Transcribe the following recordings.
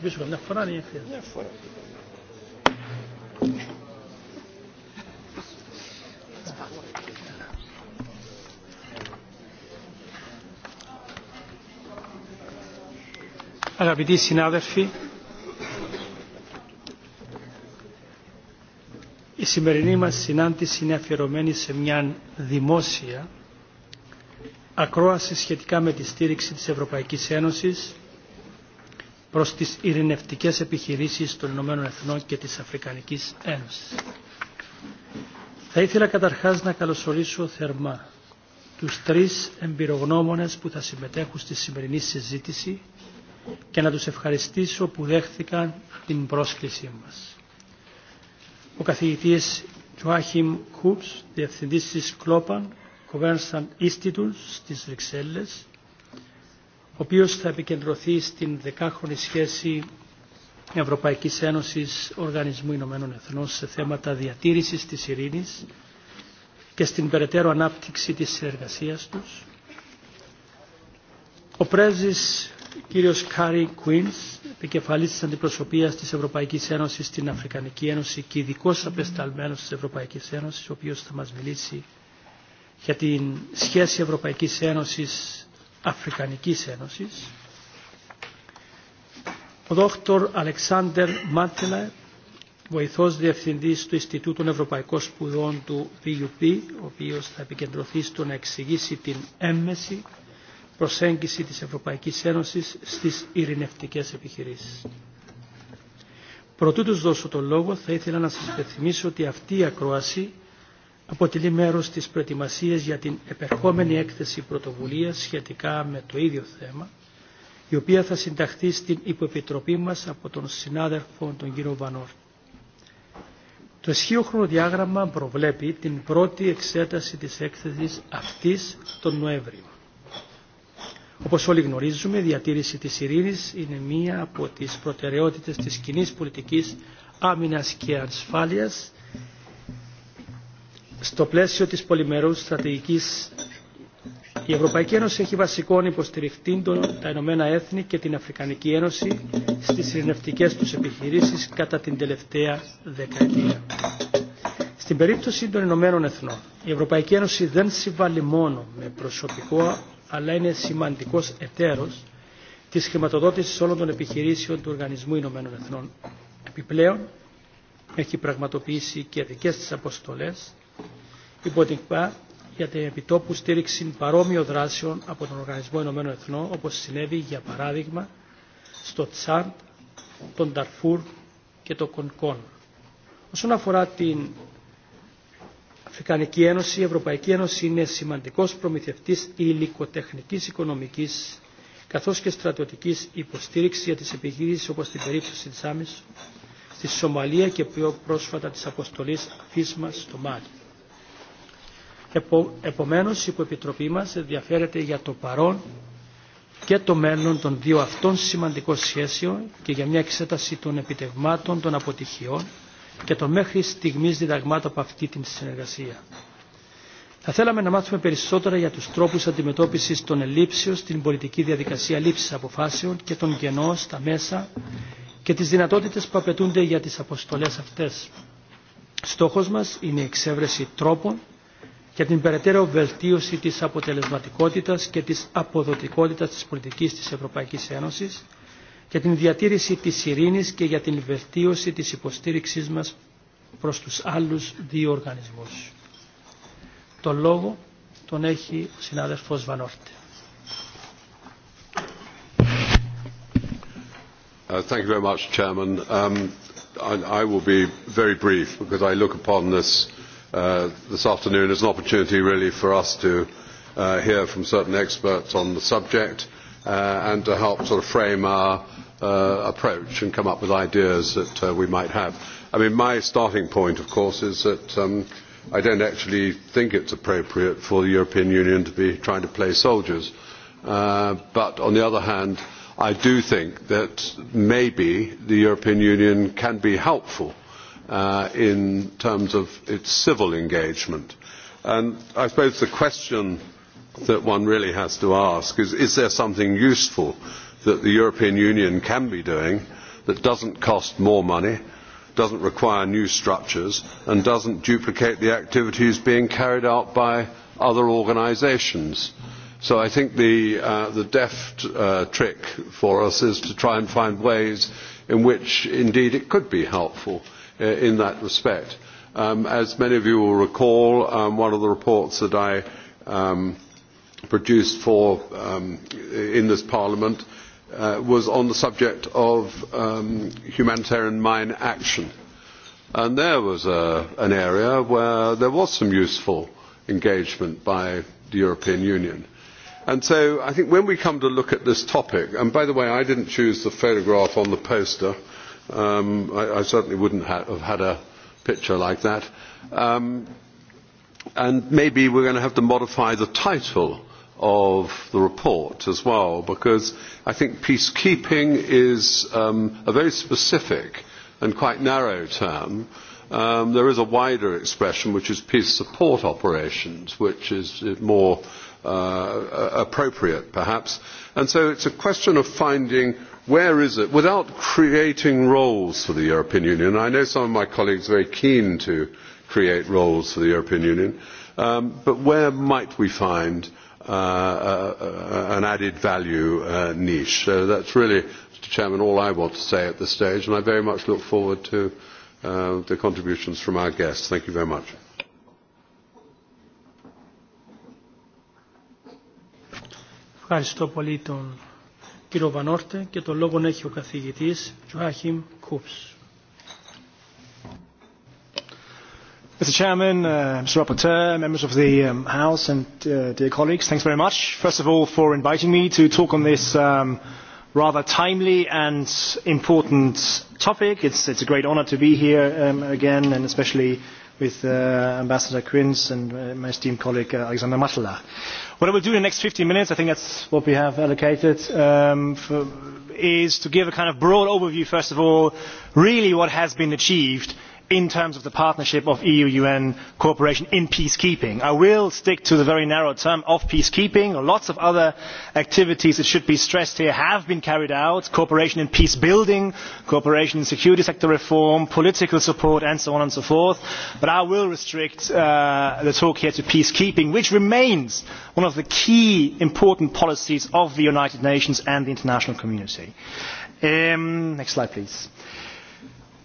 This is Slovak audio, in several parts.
Ti biex għamna f-forani Αγαπητοί συνάδελφοι, η σημερινή μας συνάντηση είναι αφιερωμένη σε μια δημόσια ακρόαση σχετικά με τη στήριξη της Ευρωπαϊκής Ένωσης προς τις ειρηνευτικές επιχειρήσεις των Ηνωμένων Εθνών και της Αφρικανικής Ένωσης. Θα ήθελα καταρχάς να καλωσορίσω θερμά τους τρεις εμπειρογνώμονες που θα συμμετέχουν στη σημερινή συζήτηση και να τους ευχαριστήσω που δέχθηκαν την πρόσκλησή μας. Ο καθηγητής Τζουάχιμ Κούπς, διευθυντής της Κλόπαν Governance Institute στις Βρυξέλλες, Ο οποίος θα επικεντρωθεί στην δεκάχρονη σχέση Ευρωπαϊκής Ένωσης Οργανισμού Ηνωμένων Εθνών σε θέματα διατήρησης της ειρήνης και στην περαιτέρω ανάπτυξη της συνεργασίας τους. Ο πρέσβης κύριος Κάρι Κουίνς, επικεφαλής της αντιπροσωπείας της Ευρωπαϊκής Ένωσης στην Αφρικανική Ένωση και ειδικό απεσταλμένος της Ευρωπαϊκής Ένωσης, ο οποίος θα μας μιλήσει για την σχέση Ευρωπαϊκής Ένωσης Αφρικανικής Ένωσης, ο δόκτωρ Αλεξάνδερ Μάντελα, βοηθός διευθυντής του Ινστιτούτου Ευρωπαϊκών Σπουδών του PUP, ο οποίος θα επικεντρωθεί στο να εξηγήσει την έμμεση προσέγγιση της Ευρωπαϊκής Ένωσης στις ειρηνευτικές επιχειρήσεις. Προτού τους δώσω το λόγο, θα ήθελα να σας υπενθυμίσω ότι αυτή η ακρόαση αποτελεί μέρος της προετοιμασίας για την επερχόμενη έκθεση πρωτοβουλίας σχετικά με το ίδιο θέμα, η οποία θα συνταχθεί στην υποεπιτροπή μας από τον συνάδελφο τον κύριο Βανόρ. Το ισχύο χρονοδιάγραμμα προβλέπει την πρώτη εξέταση της έκθεσης αυτής τον Νοέμβριο. Όπως όλοι γνωρίζουμε, η διατήρηση της ειρήνης είναι μία από τις προτεραιότητες της κοινή πολιτικής άμυνας και ασφάλειας στο πλαίσιο της πολυμερούς στρατηγικής η Ευρωπαϊκή Ένωση έχει βασικών υποστηριχτή τα Ηνωμένα Έθνη και την Αφρικανική Ένωση στις ειρηνευτικές τους επιχειρήσεις κατά την τελευταία δεκαετία. Στην περίπτωση των Ηνωμένων Εθνών, η Ευρωπαϊκή Ένωση δεν συμβάλλει μόνο με προσωπικό, αλλά είναι σημαντικός εταίρος της χρηματοδότησης όλων των επιχειρήσεων του Οργανισμού Ηνωμένων Εθνών. Επιπλέον, έχει πραγματοποιήσει και δικές της αποστολές υποτυπά για την επιτόπου στήριξη παρόμοιων δράσεων από τον Οργανισμό Ηνωμένων Εθνών, όπω συνέβη για παράδειγμα στο Τσάντ, τον Ταρφούρ και το Κονκόν. Όσον αφορά την Αφρικανική Ένωση, η Ευρωπαϊκή Ένωση είναι σημαντικό προμηθευτή υλικοτεχνική, οικονομική, καθώς και στρατιωτική υποστήριξη για τι επιχειρήσει όπω την περίπτωση τη Άμυσου, στη Σομαλία και πιο πρόσφατα τη αποστολή ΦΙΣΜΑ στο Μάλι. Επο, επομένως, η υποεπιτροπή μας ενδιαφέρεται για το παρόν και το μέλλον των δύο αυτών σημαντικών σχέσεων και για μια εξέταση των επιτευγμάτων, των αποτυχιών και των μέχρι στιγμής διδαγμάτων από αυτή την συνεργασία. Θα θέλαμε να μάθουμε περισσότερα για τους τρόπους αντιμετώπισης των ελλείψεων στην πολιτική διαδικασία λήψης αποφάσεων και των γενών στα μέσα και τις δυνατότητες που απαιτούνται για τις αποστολές αυτές. Στόχος μας είναι η εξέβρεση τρόπων για την περαιτέρω βελτίωση της αποτελεσματικότητας και της αποδοτικότητας της πολιτικής της Ευρωπαϊκής Ένωσης, για την διατήρηση της ειρήνης και για την βελτίωση της υποστήριξής μας προς τους άλλους δύο οργανισμούς. Το λόγο τον έχει ο συνάδελφος Βανόρτε. Uh, thank you very much, Chairman. Um, I, I will be very brief because I look upon this uh, this afternoon is an opportunity really for us to uh, hear from certain experts on the subject uh, and to help sort of frame our uh, approach and come up with ideas that uh, we might have. I mean, my starting point, of course, is that um, I don't actually think it's appropriate for the European Union to be trying to play soldiers. Uh, but on the other hand, I do think that maybe the European Union can be helpful uh, in terms of its civil engagement. And I suppose the question that one really has to ask is, is there something useful that the European Union can be doing that does not cost more money, does not require new structures, and does not duplicate the activities being carried out by other organisations? So I think the, uh, the deft uh, trick for us is to try and find ways in which indeed it could be helpful Uh, in that respect. Um, as many of you will recall, um, one of the reports that I um, produced for, um, in this Parliament uh, was on the subject of um, humanitarian mine action. And there was a, an area where there was some useful engagement by the European Union. And so I think when we come to look at this topic, and by the way, I didn't choose the photograph on the poster, Um, I, I certainly wouldn't ha- have had a picture like that. Um, and maybe we're going to have to modify the title of the report as well, because I think peacekeeping is um, a very specific and quite narrow term. Um, there is a wider expression, which is peace support operations, which is uh, more uh, appropriate, perhaps. And so it's a question of finding where is it without creating roles for the european union i know some of my colleagues are very keen to create roles for the european union um, but where might we find uh, uh, an added value uh, niche so that's really mr chairman all i want to say at this stage and i very much look forward to uh, the contributions from our guests thank you very much Ευχαριστώ πολύ τον κύριο Βανόρτε και τον λόγο έχει ο καθηγητής Joachim Κούπς. Mr. Chairman, uh, Mr. Rapporteur, members of the um, House and uh, dear colleagues, thanks very much, first of all, for inviting me to talk on this um, rather timely and important topic. It's, it's a great honor to be here um, again, and especially with uh, Ambassador Quince and uh, my esteemed colleague uh, Alexander Matala. What I will do in the next 15 minutes, I think that's what we have allocated, um, for, is to give a kind of broad overview, first of all, really what has been achieved in terms of the partnership of eu un cooperation in peacekeeping. i will stick to the very narrow term of peacekeeping. lots of other activities it should be stressed here have been carried out cooperation in peace building cooperation in security sector reform political support and so on and so forth but i will restrict uh, the talk here to peacekeeping which remains one of the key important policies of the united nations and the international community. Um, next slide please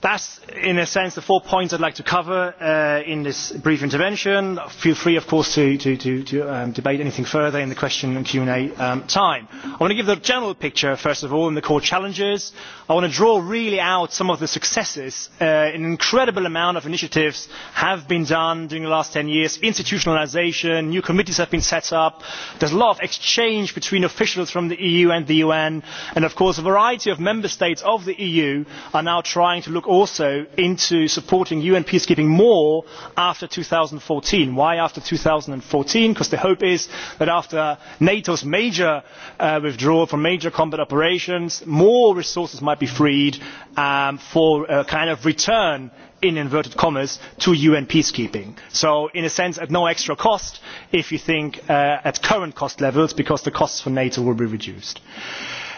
that is in a sense the four points i would like to cover uh, in this brief intervention. feel free of course to, um, debate anything further in the question and q&a um, time. i want to give the general picture first of all and the core challenges. i want to draw really out some of the successes. Uh, an incredible amount of initiatives have been done during the last ten years institutionalisation new committees have been set up there is a lot of exchange between officials from the eu and the un and of course a variety of member states of the eu are now trying to look also into supporting un peacekeeping more after. two thousand and fourteen why after? two thousand and fourteen because the hope is that after nato's major uh, withdrawal from major combat operations more resources might be freed um, for a kind of return in inverted commas to un peacekeeping so in a sense at no extra cost if you think uh, at current cost levels because the costs for nato will be reduced.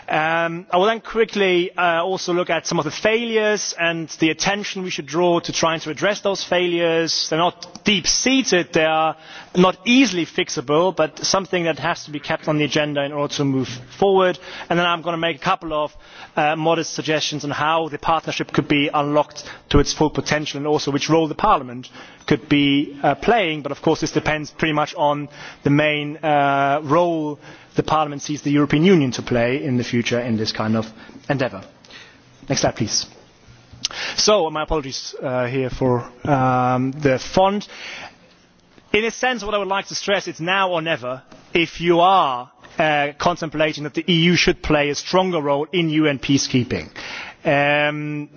Um, i will then quickly uh, also look at some of the failures and the attention we should draw to trying to address those failures. they are not deep seated they are not easily fixable but something that has to be kept on the agenda in order to move forward and then i am going to make a couple of uh, modest suggestions on how the partnership could be unlocked to its full potential and also which role parliament could be uh, playing but of course this depends pretty much on the main role the parliament sees the european union to play in the future in this kind of endeavour. next slide please. so my apologies uh, here for um, the font. in a sense what i would like to stress is now or never if you are uh, contemplating that the eu should play a stronger role in un peacekeeping. Um,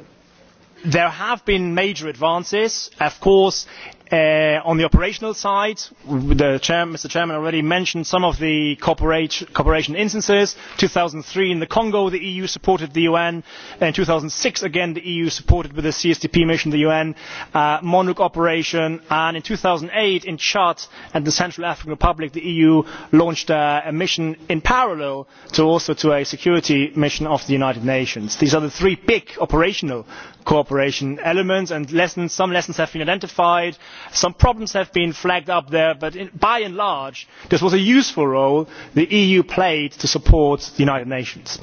there have been major advances. of course Uh, on the operational side chair, mr chairman already mentioned some of the cooperation instances two thousand and three in the congo the eu supported the un in two thousand and six again the eu supported with the csdp mission the un uh, monuc operation and in two thousand and eight in chad and the central african republic the eu launched uh, a mission in parallel to also to a security mission of the united nations. these are the three big operational cooperation elements and lessons, some lessons have been identified some problems have been flagged up there but by and large this was a useful role the eu played to support the united nations.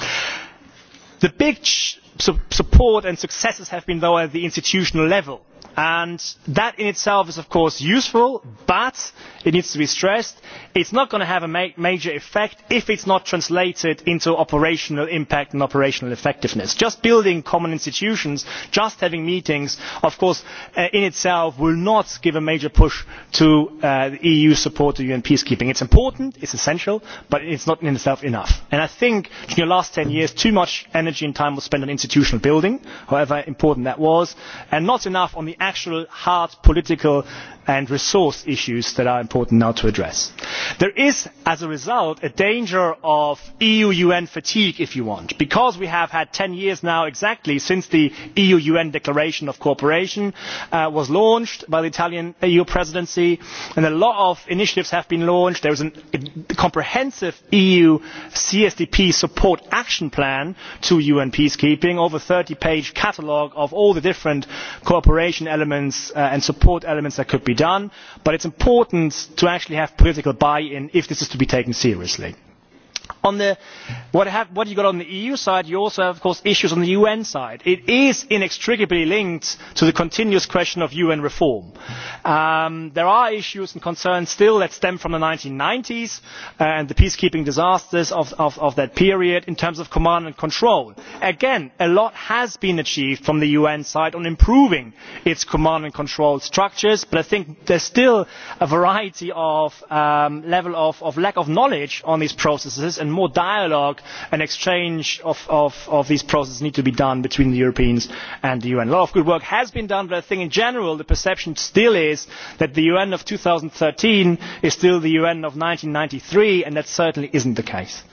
the big support and successes have been though at the institutional level and that in itself is of course useful but it needs to be stressed it is not going to have a major effect if it is not translated into operational impact and operational effectiveness. just building common institutions just having meetings of course uh, in itself will not give a major push to uh, the eu support to un peacekeeping. it is important it is essential but it is not in itself enough. And i think in the last ten years too much energy and time was spent on institutional building however important that was and not enough on the actual hard political and resource issues that are important now to address. there is as a result a danger of eu un fatigue if you want because we have had ten years now exactly since the eu un declaration of cooperation uh, was launched by the italian eu presidency and a lot of initiatives have been launched. there is a comprehensive eu csdp support action plan to un peacekeeping over a thirty page catalogue of all the different cooperation elements uh, and support elements that could be done but it is important to actually have political buy in if this is to be taken seriously on what, have, you got on the eu side you also have of course issues on the un side. it is inextricably linked to the continuous question of un reform. Um, there are issues and concerns still that stem from the one thousand nine hundred and ninety s and the peacekeeping disasters of, that period in terms of command and control. again a lot has been achieved from the un side on improving its command and control structures but i think there is still a variety of um, levels of lack of knowledge on these processes process and more dialogue and exchange of, of these processes need to be done between the europeans and the un. a lot of good work has been done but i think in general the perception still is that the un of two thousand and thirteen is still the un of one thousand nine hundred and ninety three and that certainly is not the case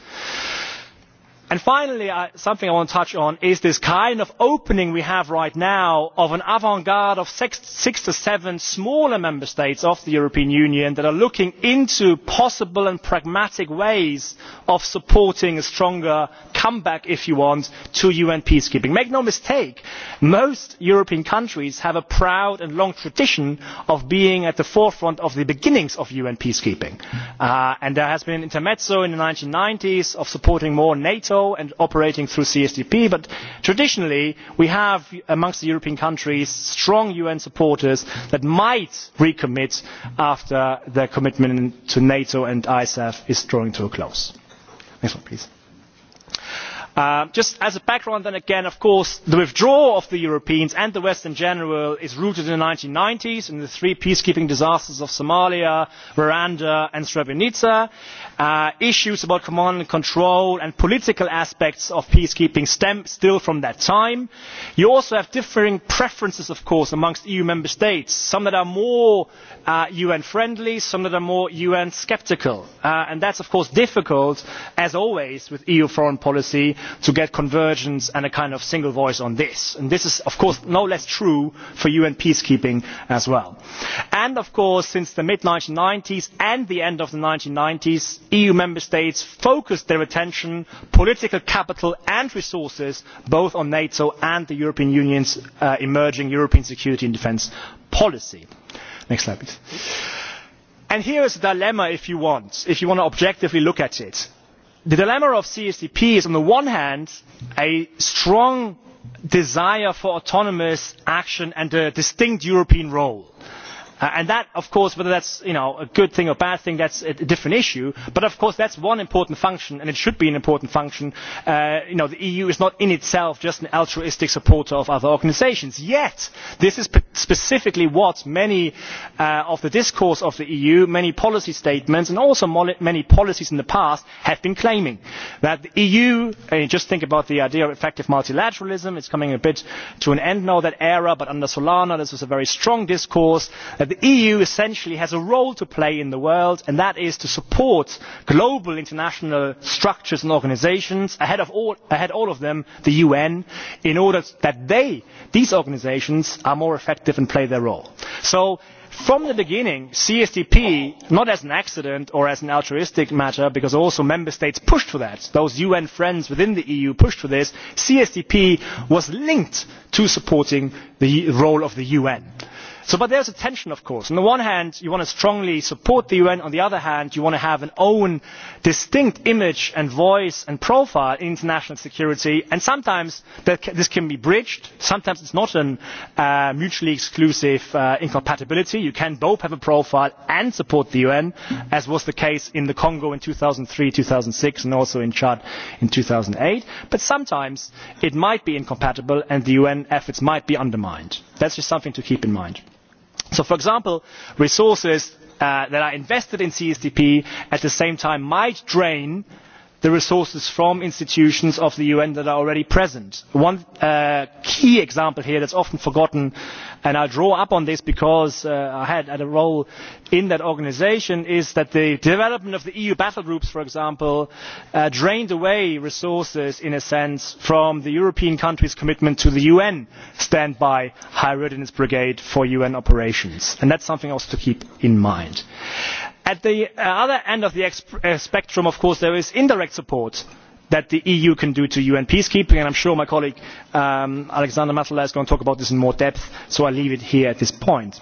finally uh, something i want to touch on is this kind of opening we have right now of an avant garde of six, to seven smaller member states of the european union that are looking into possible and pragmatic ways of supporting a stronger comeback if you want to un peacekeeping. make no mistake most european countries have a proud and long tradition of being at the forefront of the beginnings of un peacekeeping uh, and there has been an intermezzo in the one thousand nine hundred and ninety s of supporting more nato nato and operating through csdp but traditionally we have amongst the european countries strong un supporters that might recommit after their commitment to nato and isaf is drawing to a close. Um, just as a background then again of course the withdrawal of the europeans and the west in general is rooted in the one thousand nine hundred and ninety s in the three peacekeeping disasters of somalia rwanda and srebrenica. Uh, issues about command and control and political aspects of peacekeeping stem still from that time. you also have differing preferences of course amongst eu member states some that are more un uh, friendly some that are more un sceptical uh, and that is of course difficult as always with eu foreign policy to get convergence and a kind of single voice on this. And this is of course no less true for UN peacekeeping as well. And of course since the mid 1990s and the end of the 1990s EU member states focused their attention, political capital and resources both on NATO and the European Union's uh, emerging European security and defence policy. Next slide please. And here is a dilemma if you want, if you want to objectively look at it the dilemma of CSDP is on the one hand a strong desire for autonomous action and a distinct European role Uh, and that of course whether that is a good thing or a bad thing that is a different issue but of course that is one important function and it should be an important function. Uh, the eu is not in itself just an altruistic supporter of other organisations yet this is specifically what many uh, of the discourse of the eu many policy statements and also many policies in the past have been claiming that the eu and just think about the idea of effective multilateralism it is coming a bit to an end now that era but under solana this was a very strong discourse that the eu essentially has a role to play in the world and that is to support global international structures and organisations ahead of all, of them the un in order that they these organisations are more effective and play their role. so from the beginning csdp not as an accident or as an altruistic matter because also member states pushed for that those un friends within the eu pushed for this csdp was linked to supporting the role of the un so, but there is a tension of course. on the one hand you want to strongly support the un on the other hand you want to have an own distinct image and voice and profile in international security and sometimes this can be bridged sometimes it is not a uh, mutually exclusive uh, incompatibility you can both have a profile and support the un as was the case in the congo in two thousand and three two thousand and six and also in chad in two thousand and eight but sometimes it might be incompatible and the un efforts might be undermined. that is just something to keep in mind so for example resources uh, that are invested in csdp at the same time might drain the resources from institutions of the un that are already present. one uh, key example here that is often forgotten is and i draw upon this because uh, i had, a role in that organisation is that the development of the eu battle groups for example uh, drained away resources in a sense from the european countries' commitment to the un standby high readiness brigade for un operations and that is something else to keep in mind. at the uh, other end of the spectrum of course there is indirect support that the eu can do to un peacekeeping and i am sure my colleague um, alexander mattala is going to talk about this in more depth so i will leave it here at this point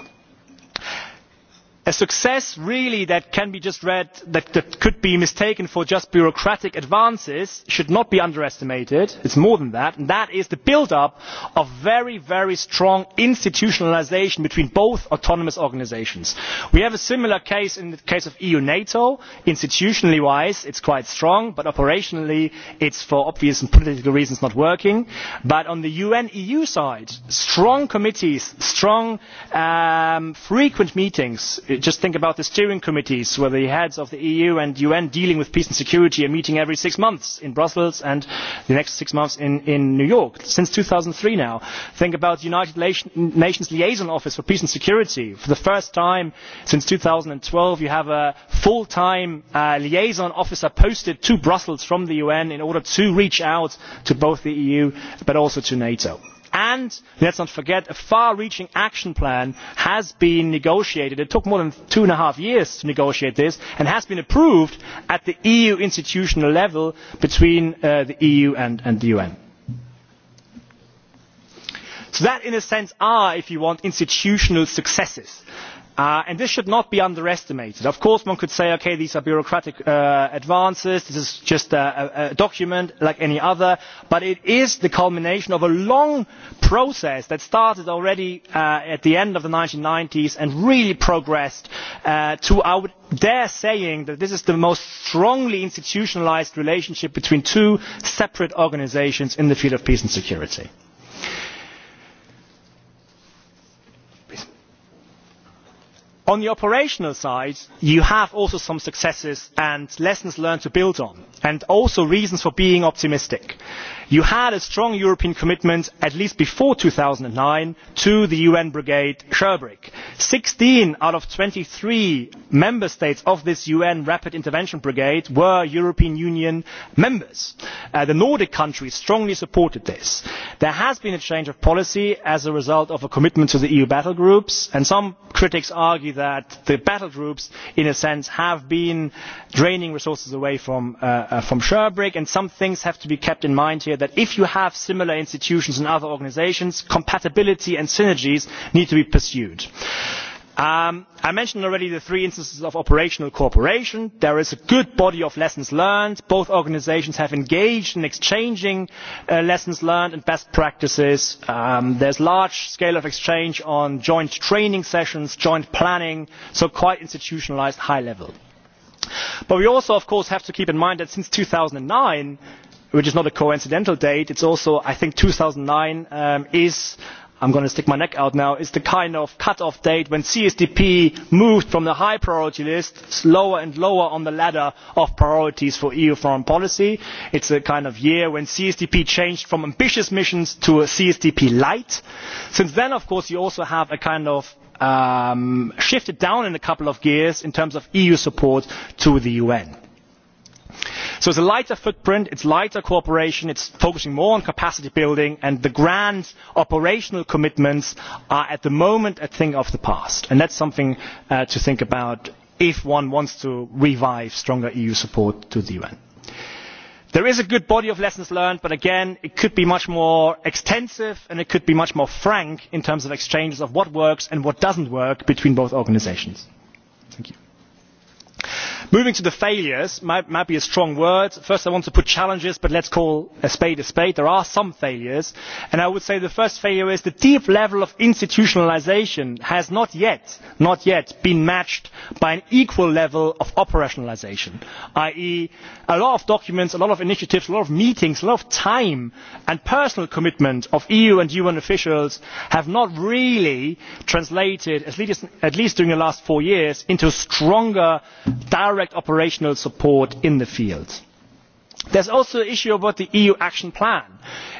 a success really that can be just read that, that could be mistaken for just bureaucratic advances should not be underestimated it is more than that and that is the build up of very very strong institutionalisation between both autonomous organisations. we have a similar case in the case of eu nato institutionally wise it is quite strong but operationally it is for obvious and political reasons not working but on the un eu side strong committees strong um, frequent meetings just think about the steering committees where the heads of the eu and un dealing with peace and security are meeting every six months in brussels and the next six months in, new york since two thousand and three now. think about the united nations liaison office for peace and security for the first time since two thousand and twelve you have a full time uh, liaison officer posted to brussels from the un in order to reach out to both the eu but also to nato and let us not forget a far reaching action plan has been negotiated it took more than two and a half years to negotiate this and has been approved at the eu institutional level between uh, the eu and the un. so that in a sense are if you want institutional successes. Uh, and this should not be underestimated. of course one could say ok these are bureaucratic uh, advances this is just a, document like any other but it is the culmination of a long process that started already uh, at the end of the one thousand nine hundred and ninety s and really progressed to i would dare say that this is the most strongly institutionalised relationship between two separate organisations in the field of peace and security. on the operational side you have also some successes and lessons learned to build on and also reasons for being optimistic. you had a strong european commitment at least before two thousand and nine to the un brigade sherbrooke. sixteen out of twenty three member states of this un rapid intervention brigade were european union members. Uh, the nordic countries strongly supported this. there has been a change of policy as a result of a commitment to the eu battle groups and some critics argue that the battle groups in a sense have been draining resources away from, uh, uh, from Sherbrooke and some things have to be kept in mind here that if you have similar institutions and other organisations compatibility and synergies need to be pursued. Um, i mentioned already the three instances of operational cooperation. there is a good body of lessons learned. both organisations have engaged in exchanging uh, lessons learned and best practices. Um, there is a large scale of exchange on joint training sessions joint planning so quite institutionalised high level. but we also of course have to keep in mind that since two thousand and nine which is not a coincidental date it is also i think two thousand and nine um, is i am going to stick my neck out now is the kind of cut off date when csdp moved from the high priority list lower and lower on the ladder of priorities for eu foreign policy. it is the kind of year when csdp changed from ambitious missions to a csdp light. since then of course you also have a kind of um, shifted down in a couple of gears in terms of eu support to the un so it's a lighter footprint, it's lighter cooperation, it's focusing more on capacity building, and the grand operational commitments are at the moment a thing of the past. And that's something uh, to think about if one wants to revive stronger EU support to the UN. There is a good body of lessons learned, but again, it could be much more extensive and it could be much more frank in terms of exchanges of what works and what does not work between both organisations. Thank you moving to the failures might, might be a strong word first i want to put challenges but let us call a spade a spade there are some failures and i would say the first failure is the deep level of institutionalisation has not yet not yet been matched by an equal level of operationalisation i. e. a lot of documents a lot of initiatives a lot of meetings a lot of time and personal commitment of eu and un officials have not really translated at least, at least during the last four years into stronger direct direct operational support in the field. there is also the issue about the eu action plan.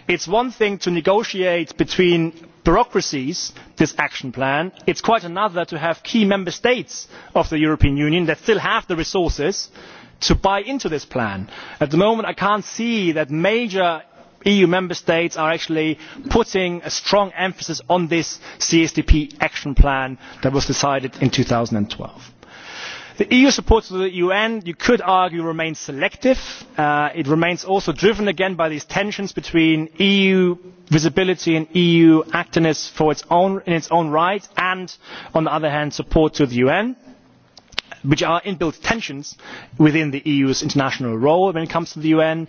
it is one thing to negotiate between bureaucracies this action plan it is quite another to have key member states of the european union that still have the resources to buy into this plan. at the moment i cannot see that major eu member states are actually putting a strong emphasis on this csdp action plan that was decided in. two thousand and twelve the eu support to the un you could argue remains selective. Uh, it remains also driven again by these tensions between eu visibility and eu activeness in its own right and on the other hand support to the un which are inbuilt tensions within the eu's international role when it comes to the un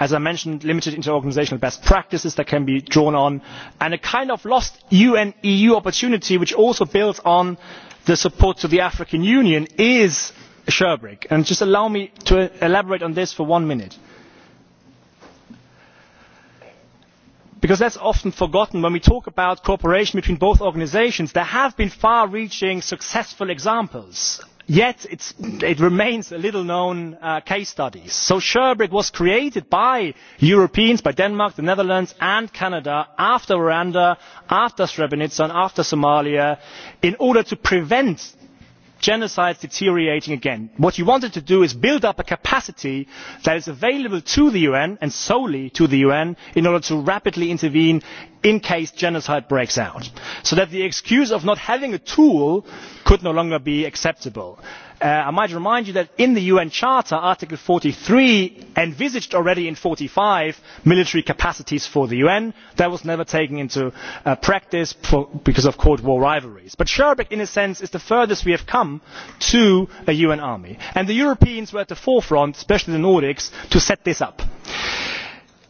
as i mentioned limited interorganisational best practices that can be drawn on and a kind of lost un eu opportunity which also builds on the support to the african union is sherbrooke and just allow me to elaborate on this for one minute because that is often forgotten when we talk about cooperation between both organisations there have been far reaching successful examples yet it remains a little known uh, case study. so sherbrooke was created by europeans by denmark the netherlands and canada after rwanda after srebrenica and after somalia in order to prevent genocide deteriorating again. what you wanted to do is build up a capacity that is available to the un and solely to the un in order to rapidly intervene in case genocide breaks out so that the excuse of not having a tool could no longer be acceptable. Uh, i might remind you that in the un charter article forty three envisaged already in forty five military capacities for the un that was never taken into uh, practice because of cold war rivalries. but schaerbeek in a sense is the furthest we have come to a un army and the europeans were at the forefront especially the nordics to set this up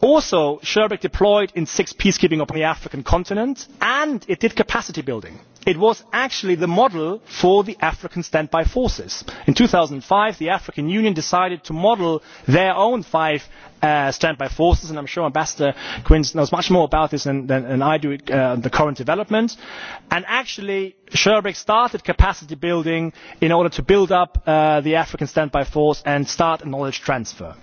also sherbrooke deployed in six peacekeeping operations on the african continent and it did capacity building. it was actually the model for the african standby forces. in two thousand and five the african union decided to model their own five uh, standby forces and i am sure ambassador quinn knows much more about this than, i do on uh, the current development and actually sherbrooke started capacity building in order to build up uh, the african standby force and start a knowledge transfer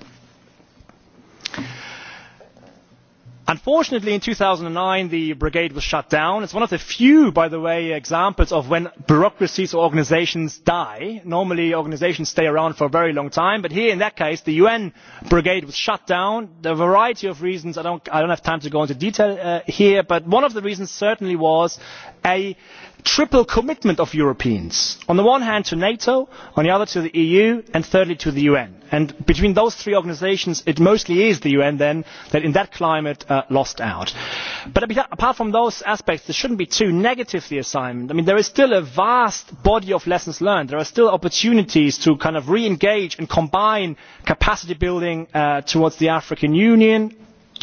unfortunately in two thousand and nine the brigade was shut down. it is one of the few by the way examples of when bureaucracies or organisations die. normally organisations stay around for a very long time but here in that case the un brigade was shut down for a variety of reasons i do not have time to go into detail uh, here but one of the reasons certainly was a triple commitment of europeans on the one hand to nato on the other to the eu and thirdly to the un and between those three organisations it mostly is the un then that in that climate uh, lost out. but apart from those aspects this should not be too negative the assignment. I mean, there is still a vast body of lessons learned there are still opportunities to kind of re engage and combine capacity building uh, towards the african union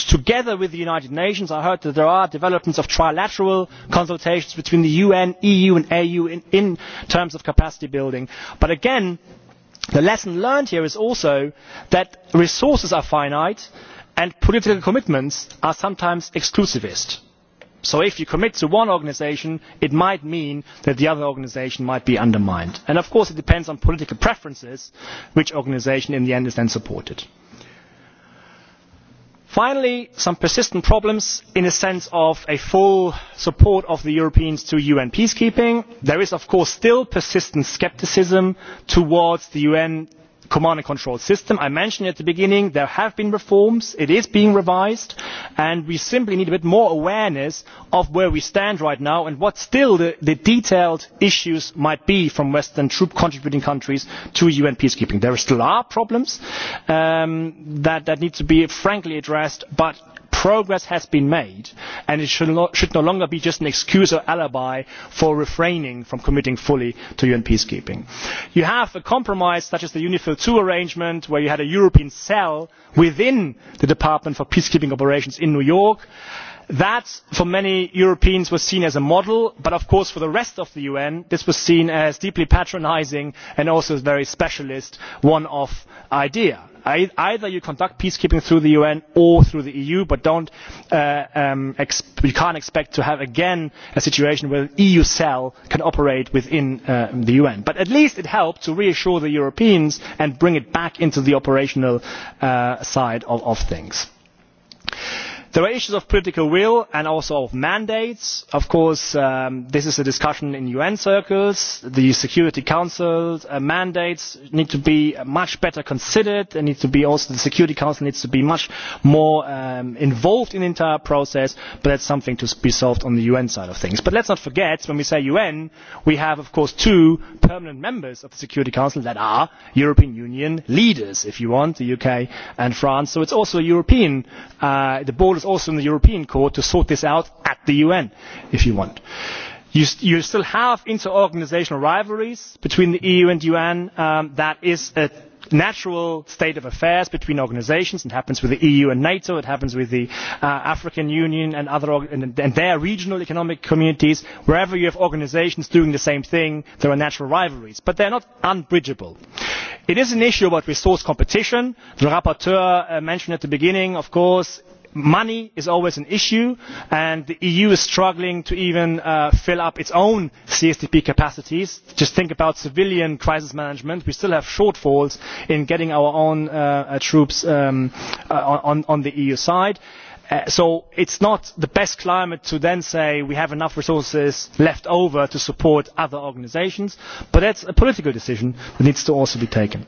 together with the united nations i heard that there are developments of trilateral consultations between the un eu and au in, in terms of capacity building but again the lesson learned here is also that resources are finite and political commitments are sometimes exclusivist so if you commit to one organisation it might mean that the other organisation might be undermined and of course it depends on political preferences which organisation in the end is then supported finally some persistent problems in the sense of a full support of the europeans to un peacekeeping. there is of course still persistent scepticism towards the un command and control system. i mentioned at the beginning there have been reforms it is being revised and we simply need a bit more awareness of where we stand right now and what still the, detailed issues might be from western troop contributing countries to un peacekeeping. there still are problems um, that, that need to be frankly addressed but progress has been made and it should, no longer be just an excuse or alibi for refraining from committing fully to un peacekeeping. you have a compromise such as the unifil ii arrangement where you had a european cell within the department for peacekeeping operations in new york that for many europeans was seen as a model but of course for the rest of the un this was seen as a deeply patronising and also a very specialist one off idea. either you conduct peacekeeping through the un or through the eu but uh, um, you cannot expect to have again a situation where an eu cell can operate within uh, the un. but at least it helped to reassure the europeans and bring it back into the operational uh, side of things there are issues of political will and also of mandates. of course um, this is a discussion in un circles. the security council uh, mandates need to be much better considered. they need to be also the security council needs to be much more um, involved in the entire process but that's something to be solved on the un side of things. but let's not forget when we say un we have of course two permanent members of the security council that are european union leaders if you want the uk and france so it's also a european uh, the borders also in the European Court to sort this out at the UN, if you want. You, you still have inter-organizational rivalries between the EU and UN. Um, that is a natural state of affairs between organisations. It happens with the EU and NATO. It happens with the uh, African Union and, other and, and their regional economic communities. Wherever you have organisations doing the same thing, there are natural rivalries, but they are not unbridgeable. It is an issue about resource competition. The rapporteur uh, mentioned at the beginning, of course, money is always an issue and the eu is struggling to even uh, fill up its own csdp capacities just think about civilian crisis management we still have shortfalls in getting our own uh, uh, troops um, on, the eu side so it is not the best climate to then say we have enough resources left over to support other organisations but that is a political decision that needs to also be taken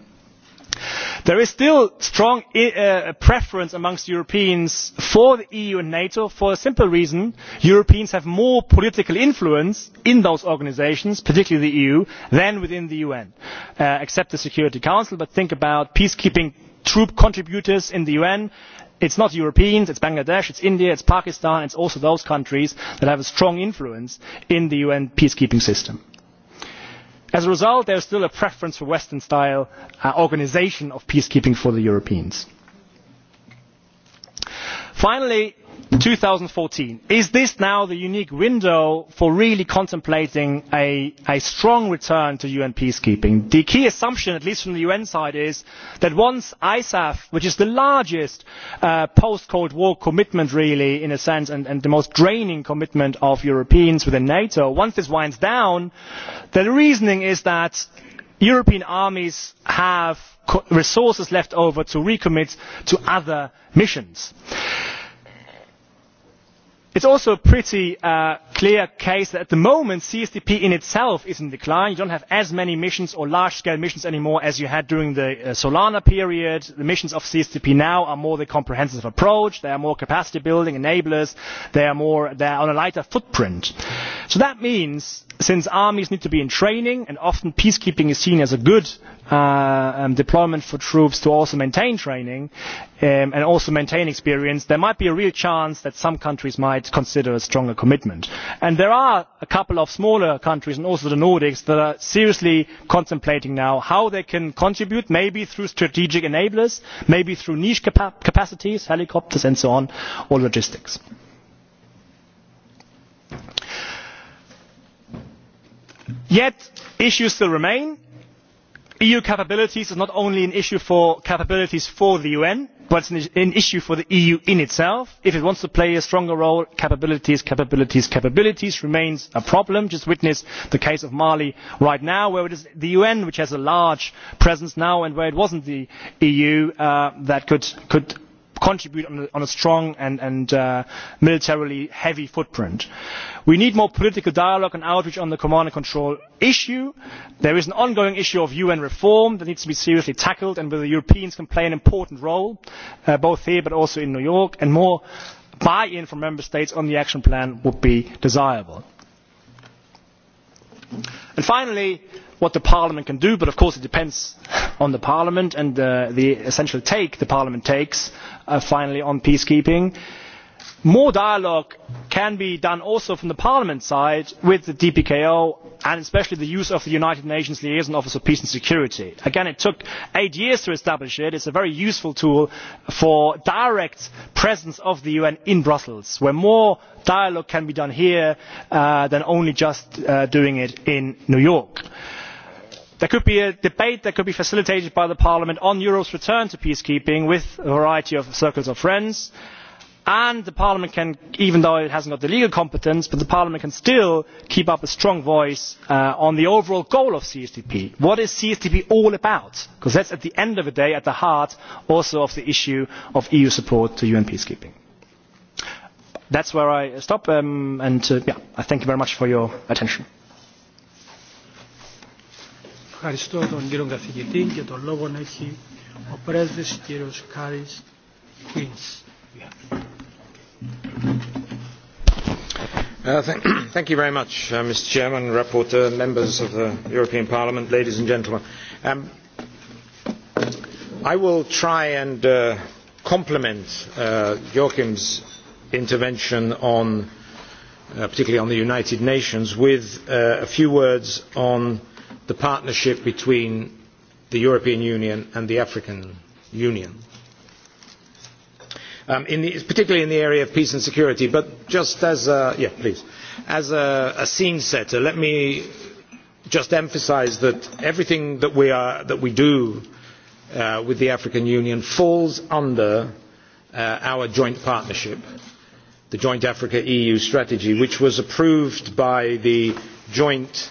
there is still strong e, uh, preference amongst europeans for the eu and nato for the simple reason that europeans have more political influence in those organisations particularly the eu than within the un uh, except the security council but think about peacekeeping troop contributors in the un it is not europeans it is bangladesh it is india it is pakistan it is also those countries that have a strong influence in the un peacekeeping system as a result there is still a preference for western style uh, organisation of peacekeeping for the europeans. finally fourteen is this now the unique window for really contemplating a, strong return to un peacekeeping? the key assumption at least from the un side is that once isaf which is the largest uh, post cold war commitment really in a sense and the most draining commitment of europeans within nato once this winds down the reasoning is that european armies have resources left over to recommit to other missions it is also a pretty uh, clear case that at the moment csdp in itself is in decline you do not have as many missions or large scale missions any more as you had during the uh, solana period. the missions of csdp now are more the comprehensive approach they are more capacity building enablers they are on a lighter footprint. so that means since armies need to be in training and often peacekeeping is seen as a good uh, um, deployment for troops to also maintain training um, and also maintain experience, there might be a real chance that some countries might consider a stronger commitment. And there are a couple of smaller countries and also the Nordics that are seriously contemplating now how they can contribute, maybe through strategic enablers, maybe through niche capa capacities, helicopters and so on, or logistics. Yet, issues still remain eu capabilities is not only an issue for capabilities for the un but it is an issue for the eu in itself. if it wants to play a stronger role capabilities capabilities capabilities remains a problem. just witness the case of mali right now where it is the un which has a large presence now and where it was not the eu uh, that could contribute on a, on a strong and, and uh, militarily heavy footprint. We need more political dialogue and outreach on the command and control issue. There is an ongoing issue of UN reform that needs to be seriously tackled and where the Europeans can play an important role, uh, both here but also in New York, and more buy-in from member states on the action plan would be desirable And finally what parliament can do but of course it depends on parliament and uh, the essential take the parliament takes uh, finally on peacekeeping is more dialogue can be done also from the parliament side with the dpko and especially the use of the united nations liaison office for peace and security. again it took eight years to establish it. it is a very useful tool for direct presence of the un in brussels where more dialogue can be done here uh, than only just uh, doing it in new york there could be a debate that could be facilitated by parliament on europe's return to peacekeeping with a variety of circles of friends and parliament can even though it has not the legal competence but parliament can still keep up a strong voice uh, on the overall goal of csdp what is csdp all about because that is at the end of the day at the heart also of the issue of eu support to un peacekeeping. that is where i stop um, and uh, i thank you very much for your attention. Uh, thank, you very much, uh, Mr. Chairman, Rapporteur, members of the European Parliament, ladies and gentlemen. Um, I will try and uh, complement Joachim's intervention on, particularly on the United Nations, with a few words on the partnership between the European Union and the African Union Um, in the, particularly in the area of peace and security. But just as a, scene setter, let me just emphasise that everything that we, do uh, with the African Union falls under uh, our joint partnership, the joint Africa EU strategy, which was approved by the joint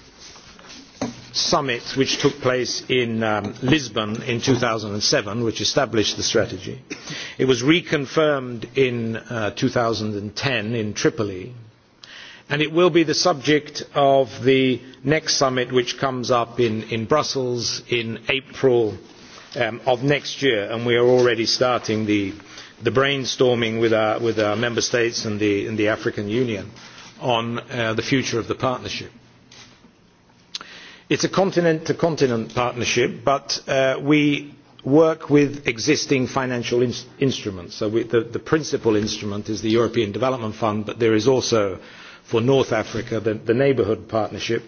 summit which took place in um, Lisbon in two thousand seven, which established the strategy. It was reconfirmed in uh, two thousand ten in Tripoli, and it will be the subject of the next summit which comes up in, Brussels in April um, of next year, and we are already starting the, brainstorming with our, member states and the, African Union on uh, the future of the partnership it is a continent to continent partnership but uh, we work with existing financial instruments so the, principal instrument is the european development fund but there is also for north africa the, neighbourhood partnership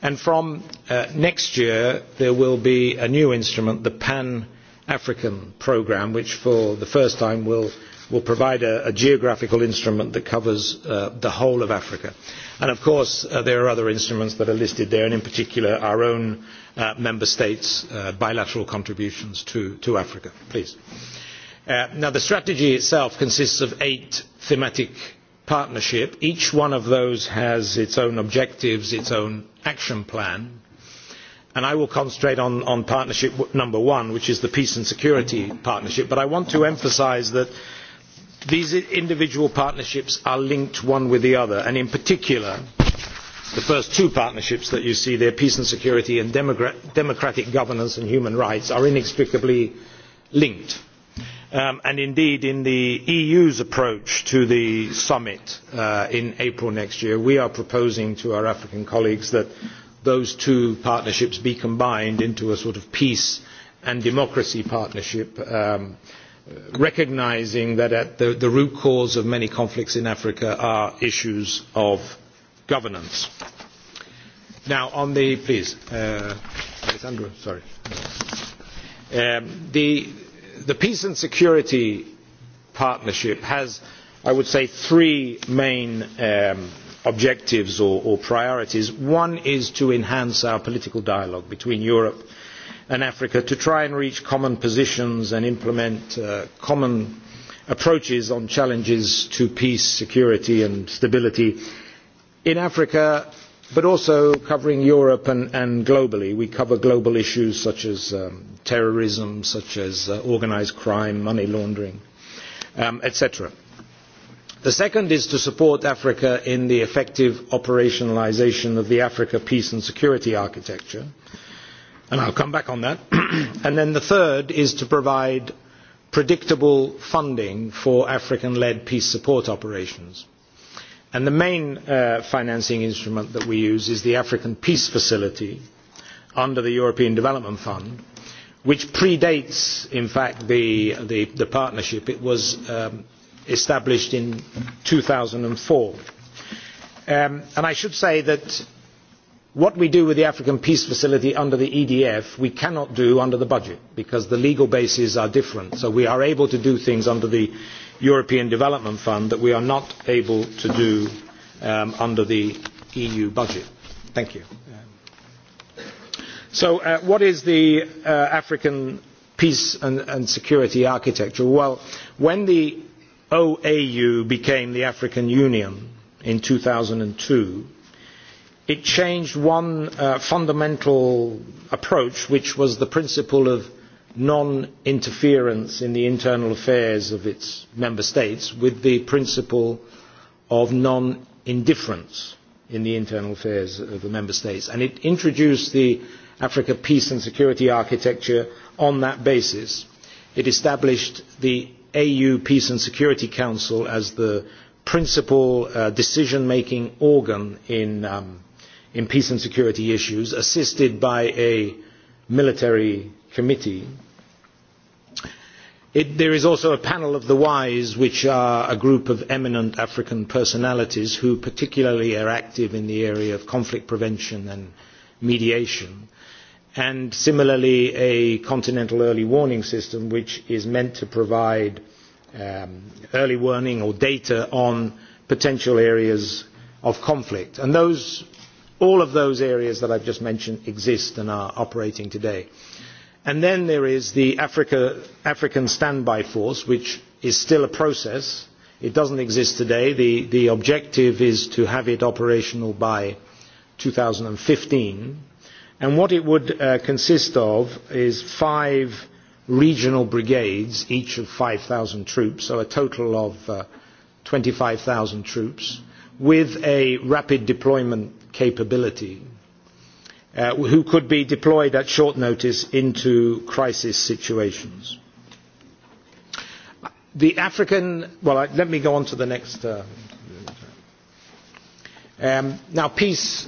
and from uh, next year there will be a new instrument the pan african programme which for the first time will will provide a, a geographical instrument that covers uh, the whole of Africa. And of course, uh, there are other instruments that are listed there, and in particular, our own uh, member states' uh, bilateral contributions to, to Africa. Please. Uh, now, the strategy itself consists of eight thematic partnerships. Each one of those has its own objectives, its own action plan, and i will concentrate on, on partnership number one which is the peace and security partnership but i want to emphasise that these individual partnerships are linked one with the other and in particular the first two partnerships that you see there peace and security and democratic governance and human rights are inextricably linked um, and indeed in the eu's approach to the summit uh, in april next year we are proposing to our african colleagues that those two partnerships be combined into a sort of peace and democracy partnership um, recognising that at the, the root cause of many conflicts in Africa are issues of governance. Now, on the, please, uh, Alessandro, sorry. Um, the, the peace and security partnership has, I would say, three main um, objectives or, or priorities. One is to enhance our political dialogue between Europe and africa to try and reach common positions and implement uh, common approaches on challenges to peace security and stability in africa but also covering europe and, and globally. we cover global issues such as um, terrorism such as uh, organised crime money laundering um, etc. the second is to support africa in the effective operationalisation of the africa peace and security architecture uh, and will come back on that. and then the third is to provide predictable funding for African-led peace support operations. And the main uh, financing instrument that we use is the African Peace Facility under the European Development Fund, which predates, in fact, the, the, the partnership. It was um, established in 2004. Um, and I should say that what we do with the african peace facility under the edf we cannot do under the budget because the legal bases are different so we are able to do things under the european development fund that we are not able to do um, under the eu budget thank you so uh, what is the uh, african peace and, and security architecture well when the oau became the african union in two thousand and two it changed one uh, fundamental approach, which was the principle of non-interference in the internal affairs of its member states with the principle of non-indifference in the internal affairs of the member states. And it introduced the Africa Peace and Security Architecture on that basis. It established the AU Peace and Security Council as the principal uh, decision-making organ in um, in peace and security issues, assisted by a military committee. It, there is also a panel of the wise, which are a group of eminent African personalities who particularly are active in the area of conflict prevention and mediation. And similarly, a continental early warning system, which is meant to provide um, early warning or data on potential areas of conflict. And those All of those areas that I have just mentioned exist and are operating today. And then there is the Africa, African Standby Force, which is still a process. It doesn't exist today. The, the objective is to have it operational by fifteen and what it would uh, consist of is five regional brigades, each of 5,000 troops, so a total of uh, 25,000 troops, with a rapid deployment capability uh, who could be deployed at short notice into crisis situations. The African, well, I, let me go on to the next. Uh, um, now, peace,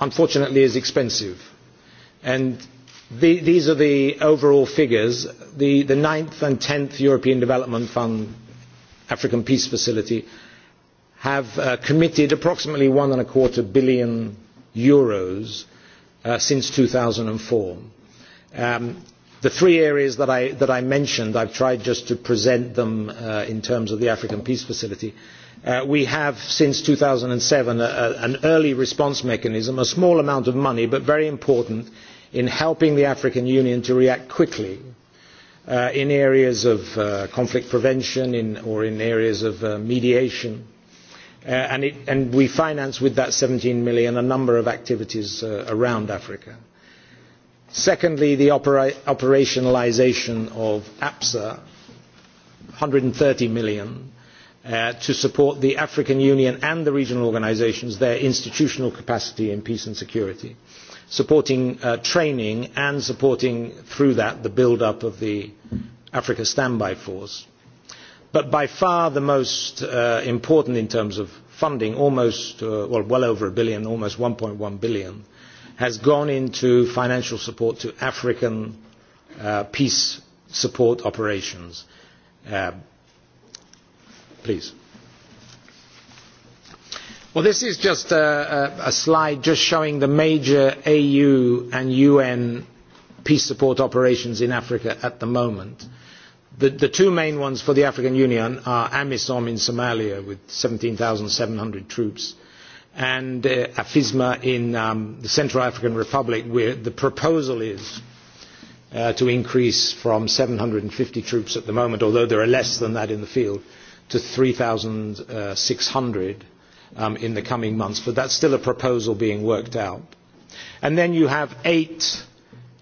unfortunately, is expensive. And the, these are the overall figures. The, the ninth and tenth European Development Fund African Peace Facility have uh, committed approximately one and a quarter billion euros uh, since 2004. Um, the three areas that I, that I mentioned, I've tried just to present them uh, in terms of the African Peace Facility. Uh, we have, since 2007, a, a, an early response mechanism, a small amount of money, but very important in helping the African Union to react quickly uh, in areas of uh, conflict prevention in, or in areas of uh, mediation Uh, and, it, and we finance with that 17 million a number of activities uh, around Africa. Secondly, the operationalisation of APSA, 130 million, uh, to support the African Union and the regional organisations, their institutional capacity in peace and security, supporting training and supporting through that the build-up of the Africa Standby Force but by far the most uh, important in terms of funding, almost, uh, well, over a billion, almost one one billion, has gone into financial support to African uh, peace support operations. please. Well, this is just a, a, a slide just showing the major AU and UN peace support operations in Africa at the moment. The, the two main ones for the African Union are AMISOM in Somalia with 17,700 troops and uh, AFISMA in um, the Central African Republic where the proposal is uh, to increase from 750 troops at the moment, although there are less than that in the field, to 3,600 um, in the coming months. But that's still a proposal being worked out. And then you have eight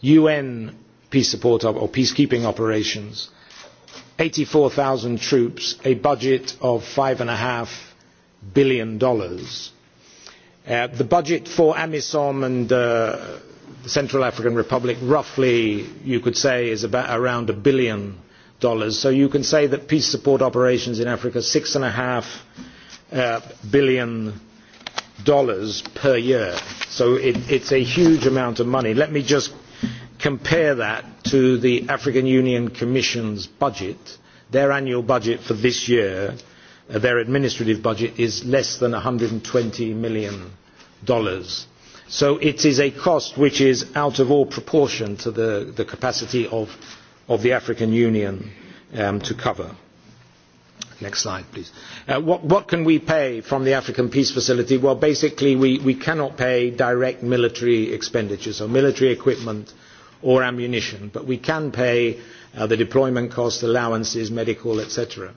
UN peace support or peacekeeping operations eighty four thousand troops, a budget of five and a half billion dollars. Uh, the budget for AMISOM and uh, the Central African Republic, roughly, you could say, is about around a billion dollars. So you can say that peace support operations in Africa, six and a half uh, billion dollars per year. So it, it's a huge amount of money. Let me just compare that to the African Union Commission's budget, their annual budget for this year, uh, their administrative budget is less than $120 million. So it is a cost which is out of all proportion to the, the capacity of, of the African Union um, to cover. Next slide, please. Uh, what, what can we pay from the African Peace Facility? Well, basically, we, we cannot pay direct military expenditure, so military equipment or ammunition, but we can pay uh, the deployment costs, allowances, medical, etc.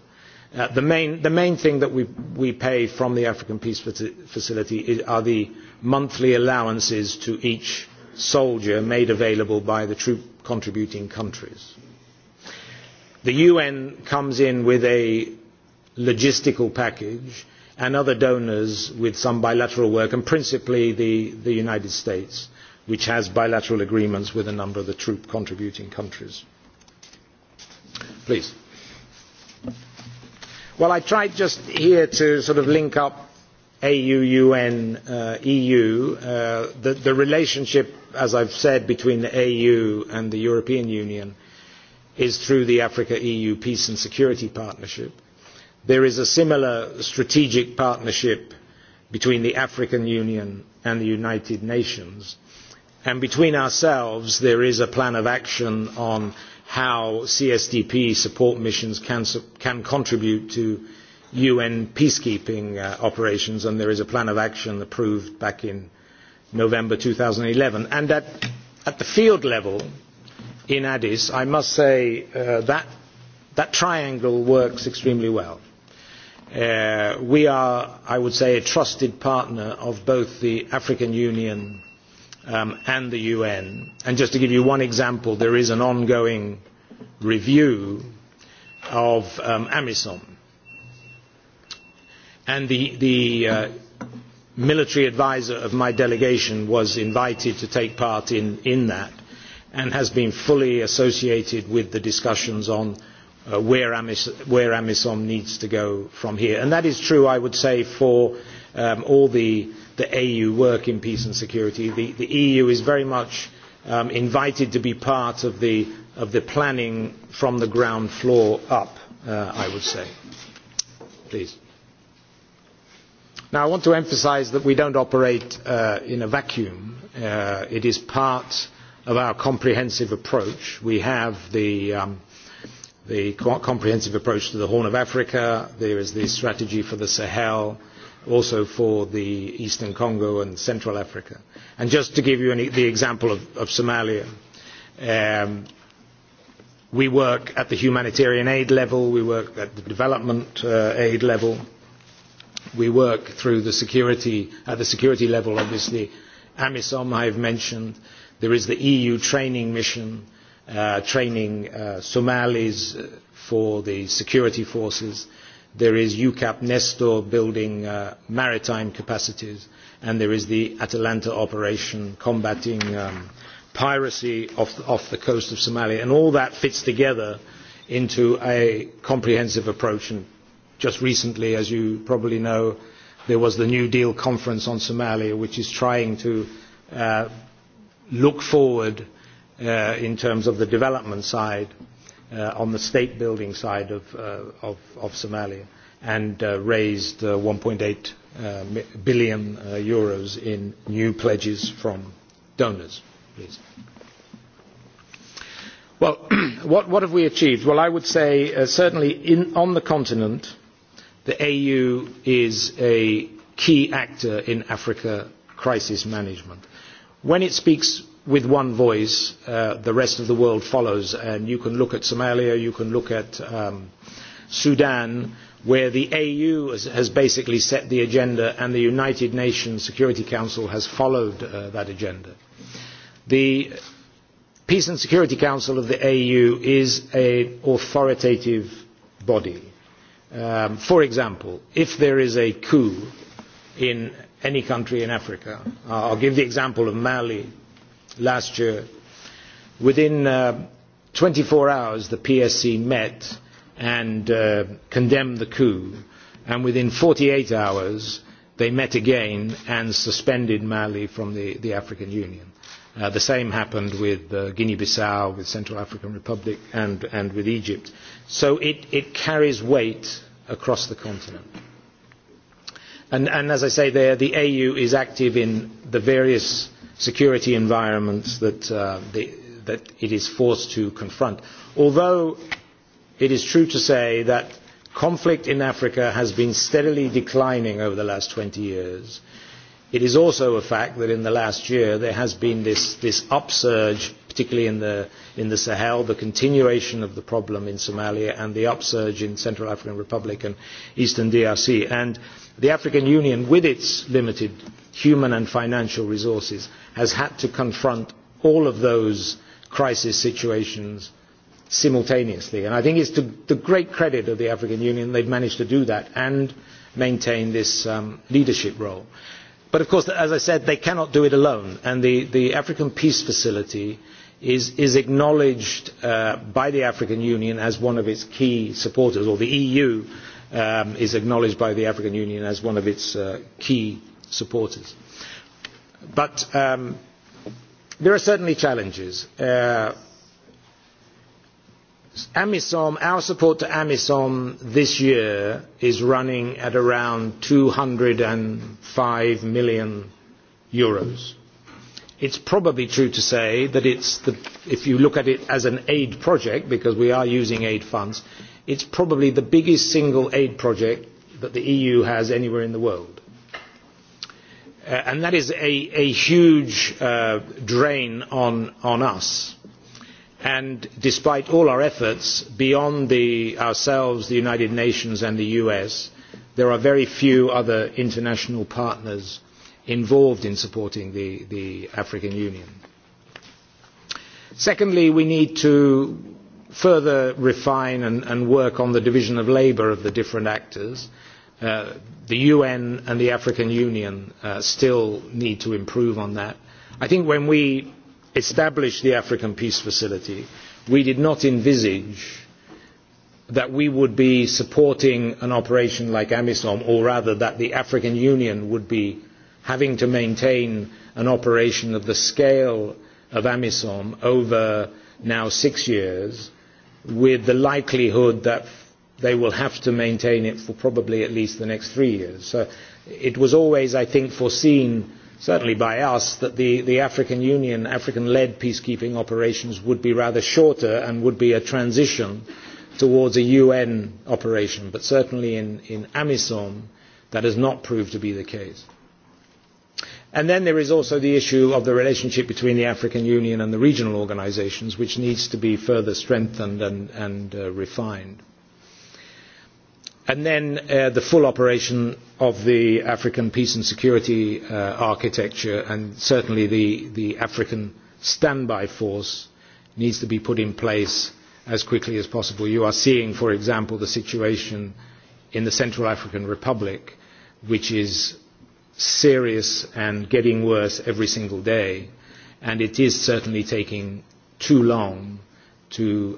Uh, the, main, the main thing that we, we pay from the African Peace Facility is, are the monthly allowances to each soldier made available by the troop contributing countries. The UN comes in with a logistical package and other donors with some bilateral work, and principally the, the United States which has bilateral agreements with a number of the troop contributing countries. Please. Well, I tried just here to sort of link up AU-UN, uh, EU, uh, the, the relationship, as I've said, between the AU and the European Union is through the Africa-EU Peace and Security Partnership. There is a similar strategic partnership between the African Union and the United Nations and between ourselves there is a plan of action on how CSDP support missions can, can contribute to UN peacekeeping uh, operations and there is a plan of action approved back in November 2011 and at, at the field level in Addis I must say uh, that that triangle works extremely well. Uh, we are, I would say, a trusted partner of both the African Union um, and the UN. And just to give you one example, there is an ongoing review of um, AMISOM. And the, the uh, military adviser of my delegation was invited to take part in, in that and has been fully associated with the discussions on uh, where, AMIS, where AMISOM needs to go from here. And that is true, I would say, for um, all the the AU work in peace and security. The, the EU is very much um, invited to be part of the, of the planning from the ground floor up, uh, I would say. Please. Now, I want to emphasise that we do not operate uh, in a vacuum. Uh, it is part of our comprehensive approach. We have the, um, the comprehensive approach to the Horn of Africa. There is the strategy for the Sahel also for the Eastern Congo and Central Africa. And just to give you an, e, the example of, of Somalia, um, we work at the humanitarian aid level, we work at the development uh, aid level, we work through the security, at the security level, obviously, AMISOM I have mentioned, there is the EU training mission, uh, training uh, Somalis uh, for the security forces, uh, there is eucap Nestor building uh, maritime capacities, and there is the Atalanta operation combating um, piracy off the, off the coast of Somalia. And all that fits together into a comprehensive approach. And just recently, as you probably know, there was the New Deal conference on Somalia, which is trying to uh, look forward uh, in terms of the development side uh, on the state building side of, uh, of, of Somalia and uh, raised uh, 1.8 uh, billion uh, euros in new pledges from donors. Please. Well, what, what have we achieved? Well, I would say uh, certainly in, on the continent, the AU is a key actor in Africa crisis management. When it speaks with one voice, uh, the rest of the world follows. And you can look at Somalia, you can look at um, Sudan, where the AU has, has basically set the agenda and the United Nations Security Council has followed uh, that agenda. The Peace and Security Council of the AU is an authoritative body. Um, for example, if there is a coup in any country in Africa, uh, I'll give the example of Mali last year. Within uh, twenty four hours, the PSC met and uh, condemned the coup, and within forty eight hours, they met again and suspended Mali from the, the African Union. Uh, the same happened with uh, Guinea-Bissau, with Central African Republic, and, and with Egypt. So it, it carries weight across the continent. And, and as I say there, the AU is active in the various security environments that, uh, the, that it is forced to confront. Although it is true to say that conflict in Africa has been steadily declining over the last 20 years, it is also a fact that in the last year there has been this, this upsurge, particularly in the, in the Sahel, the continuation of the problem in Somalia and the upsurge in Central African Republic and Eastern DRC. And the African Union, with its limited human and financial resources, has had to confront all of those crisis situations simultaneously. And I think it's to the great credit of the African Union they've managed to do that and maintain this um, leadership role. But of course, as I said, they cannot do it alone. And the, the African Peace Facility is, is acknowledged uh, by the African Union as one of its key supporters, or the EU um, is acknowledged by the African Union as one of its uh, key supporters. But um, there are certainly challenges. Uh, AMISOM, our support to AMISOM this year is running at around 205 million euros. It's probably true to say that it's the, if you look at it as an aid project, because we are using aid funds, it's probably the biggest single aid project that the EU has anywhere in the world Uh, and that is a, a huge uh, drain on, on us and despite all our efforts beyond the, ourselves the united nations and the us there are very few other international partners involved in supporting the, the african union. secondly we need to further refine and, and work on the division of labour of the different actors. Uh, Uh, the UN and the African Union uh, still need to improve on that. I think when we established the African Peace Facility, we did not envisage that we would be supporting an operation like AMISOM, or rather that the African Union would be having to maintain an operation of the scale of AMISOM over now six years, with the likelihood that they will have to maintain it for probably at least the next three years. So it was always, I think, foreseen, certainly by us, that the, the African Union, African-led peacekeeping operations would be rather shorter and would be a transition towards a UN operation. But certainly in, in AMISOM, that has not proved to be the case. And then there is also the issue of the relationship between the African Union and the regional organisations, which needs to be further strengthened and, and uh, refined and then uh, the full operation of the African peace and security uh, architecture and certainly the, the African standby force needs to be put in place as quickly as possible. You are seeing, for example, the situation in the Central African Republic, which is serious and getting worse every single day, and it is certainly taking too long to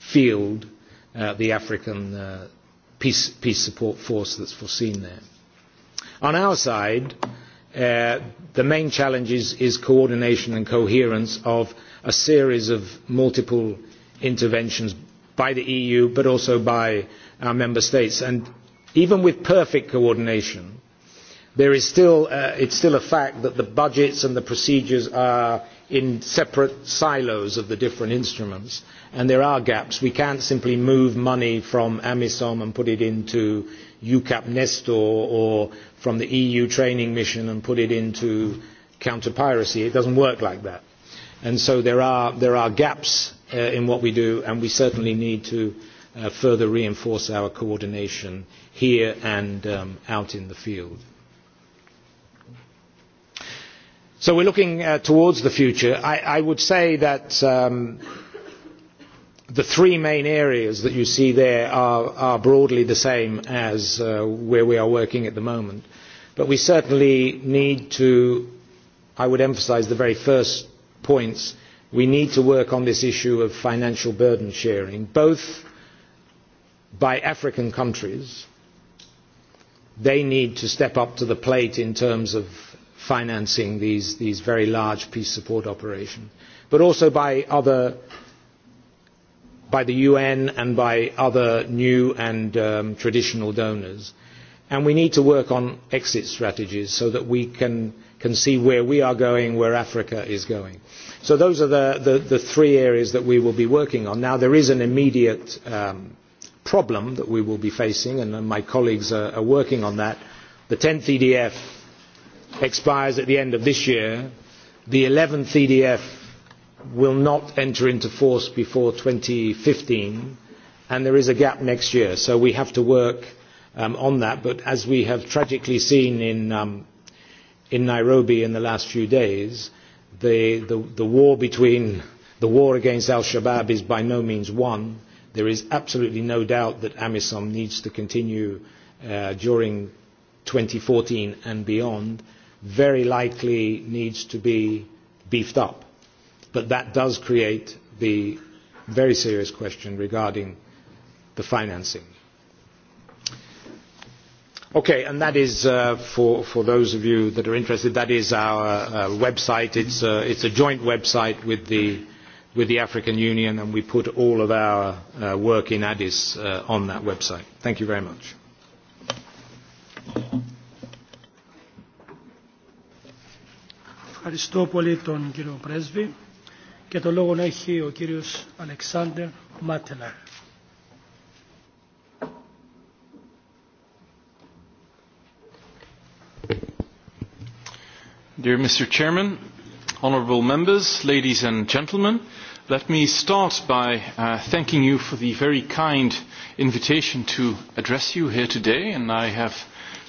field uh, the African uh, peace, peace support force that's foreseen there. On our side, uh, the main challenge is, is coordination and coherence of a series of multiple interventions by the EU, but also by our member states. And even with perfect coordination, there is still, uh, it's still a fact that the budgets and the procedures are in separate silos of the different instruments and there are gaps. We cannot simply move money from AMISOM and put it into UCAP Nestor or from the EU training mission and put it into counter piracy. It does not work like that. And so there are, there are gaps uh, in what we do and we certainly need to uh, further reinforce our coordination here and um, out in the field. so we are looking uh, towards the future. I, i would say that um, the three main areas that you see there are, are broadly the same as uh, where we are working at the moment but we certainly need to i would emphasise the very first points we need to work on this issue of financial burden sharing both by african countries they need to step up to the plate in terms of financing these, these very large peace support operations, but also by other by the UN and by other new and um, traditional donors. And we need to work on exit strategies so that we can, can see where we are going, where Africa is going. So those are the, the, the three areas that we will be working on. Now, there is an immediate um, problem that we will be facing, and my colleagues are, are working on that. The 10th EDF expires at the end of this year, the eleventh EDF will not enter into force before fifteen and there is a gap next year. So we have to work um, on that. But as we have tragically seen in, um, in Nairobi in the last few days, the, the, the war between the war against Al-Shabaab is by no means won. There is absolutely no doubt that AMISOM needs to continue uh, during 2014 and beyond very likely needs to be beefed up. But that does create the very serious question regarding the financing. Okay, and that is, uh, for, for those of you that are interested, that is our uh, website. It's, uh, it's a joint website with the, with the African Union, and we put all of our uh, work in Addis uh, on that website. Thank you very much. Ευχαριστώ πολύ τον κύριο Πρέσβη και λόγο έχει ο κύριος Αλεξάνδερ Μάτελα. Dear Mr. Chairman, honourable members, ladies and gentlemen, let me start by uh, thanking you for the very kind invitation to address you here today, and I have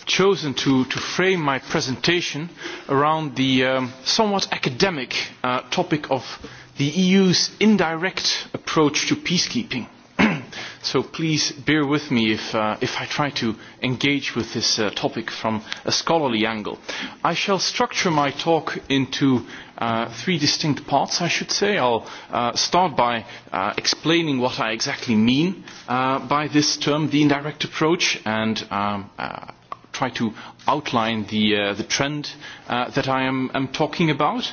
chosen to, to frame my presentation around the um, somewhat academic uh, topic of the EU's indirect approach to peacekeeping. so please bear with me if, uh, if I try to engage with this uh, topic from a scholarly angle. I shall structure my talk into uh, three distinct parts, I should say. I'll uh, start by uh, explaining what I exactly mean uh, by this term, the indirect approach, and um, uh, try to outline the, uh, the trend uh, that I am, am talking about.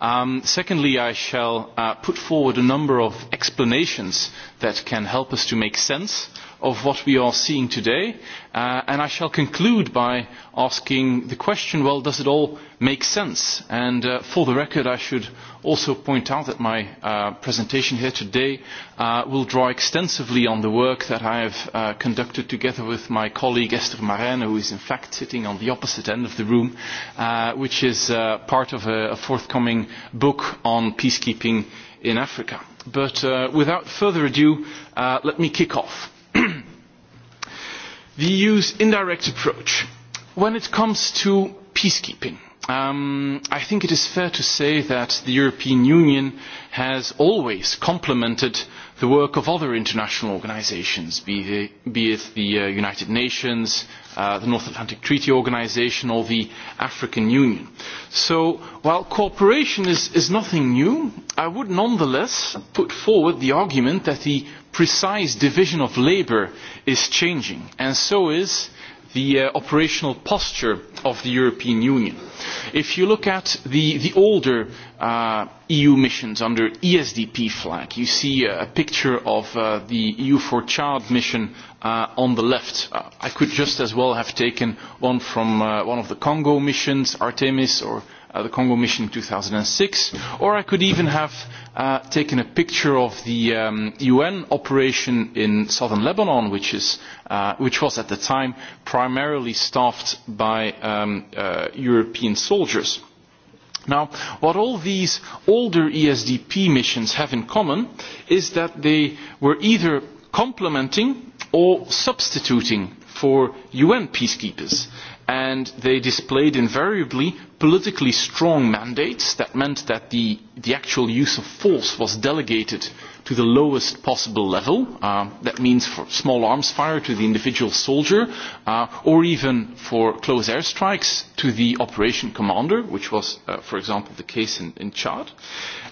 Um, secondly, I shall uh, put forward a number of explanations that can help us to make sense of what we are seeing today. Uh, and I shall conclude by asking the question, well, does it all make sense? And uh, for the record, I should also point out that my uh, presentation here today uh, will draw extensively on the work that I have uh, conducted together with my colleague Esther Maren, who is in fact sitting on the opposite end of the room, uh, which is uh, part of a, a forthcoming book on peacekeeping in Africa. But uh, without further ado, uh, let me kick off the EU's indirect approach when it comes to peacekeeping um, I think it is fair to say that the European Union has always complemented the work of other international organisations, be, be, it the uh, United Nations, uh, the North Atlantic Treaty Organisation or the African Union. So while cooperation is, is nothing new, I would nonetheless put forward the argument that the precise division of labour is changing, and so is the uh, operational posture of the European Union. If you look at the, the older uh, EU missions under ESDP flag, you see a picture of uh, the EU for Child mission uh, on the left. Uh, I could just as well have taken one from uh, one of the Congo missions, Artemis or uh, the Congo mission in 2006, or I could even have uh, taken a picture of the um, UN operation in southern Lebanon, which, is, uh, which was at the time primarily staffed by um, uh, European soldiers. Now, what all these older ESDP missions have in common is that they were either complementing or substituting for UN peacekeepers and they displayed invariably politically strong mandates that meant that the, the actual use of force was delegated to the lowest possible level. Uh, that means for small arms fire to the individual soldier, uh, or even for close airstrikes to the operation commander, which was, uh, for example, the case in, in Chad.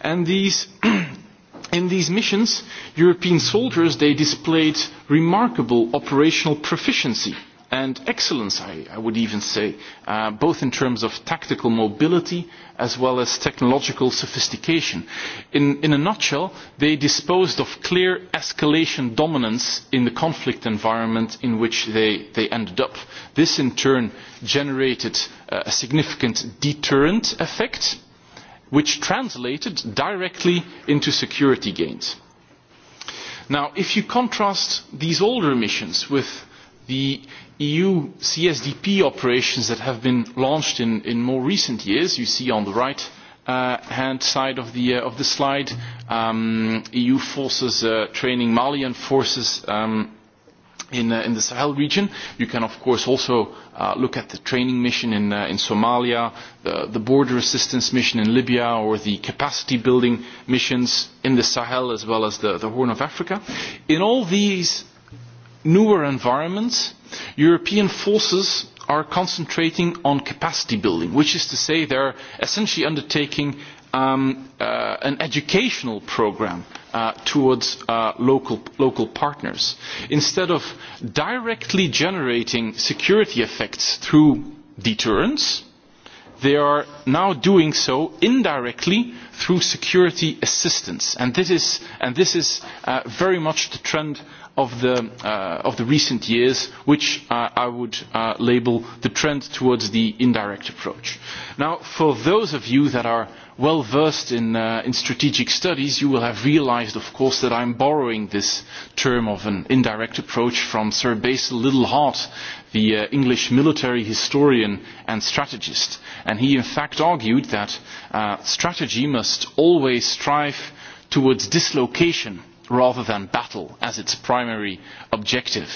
And these in these missions, European soldiers, they displayed remarkable operational proficiency and excellence, I, I would even say, uh, both in terms of tactical mobility as well as technological sophistication. In, in a nutshell, they disposed of clear escalation dominance in the conflict environment in which they, they ended up. This in turn generated uh, a significant deterrent effect, which translated directly into security gains. Now, if you contrast these older missions with the EU CSDP operations that have been launched in, more recent years, you see on the right uh, hand side of the, uh, slide, um, EU forces uh, training Malian forces um, in, the Sahel region. You can, of course, also look at the training mission in, Somalia, the, border assistance mission in Libya, or the capacity building missions in the Sahel as well as the Horn of Africa. In all these newer environment, European forces are concentrating on capacity building, which is to say they are essentially undertaking um, uh, an educational programme uh, towards uh, local, local partners. Instead of directly generating security effects through deterrence, they are now doing so indirectly through security assistance. And this is, and this is uh, very much the trend of the, uh, of the recent years, which uh, I would uh, label the trend towards the indirect approach. Now, for those of you that are well versed in, uh, in strategic studies, you will have realized, of course, that I'm borrowing this term of an indirect approach from Sir Basil Littlehart, the uh, English military historian and strategist. And he, in fact, argued that uh, strategy must always strive towards dislocation rather than battle as its primary objective.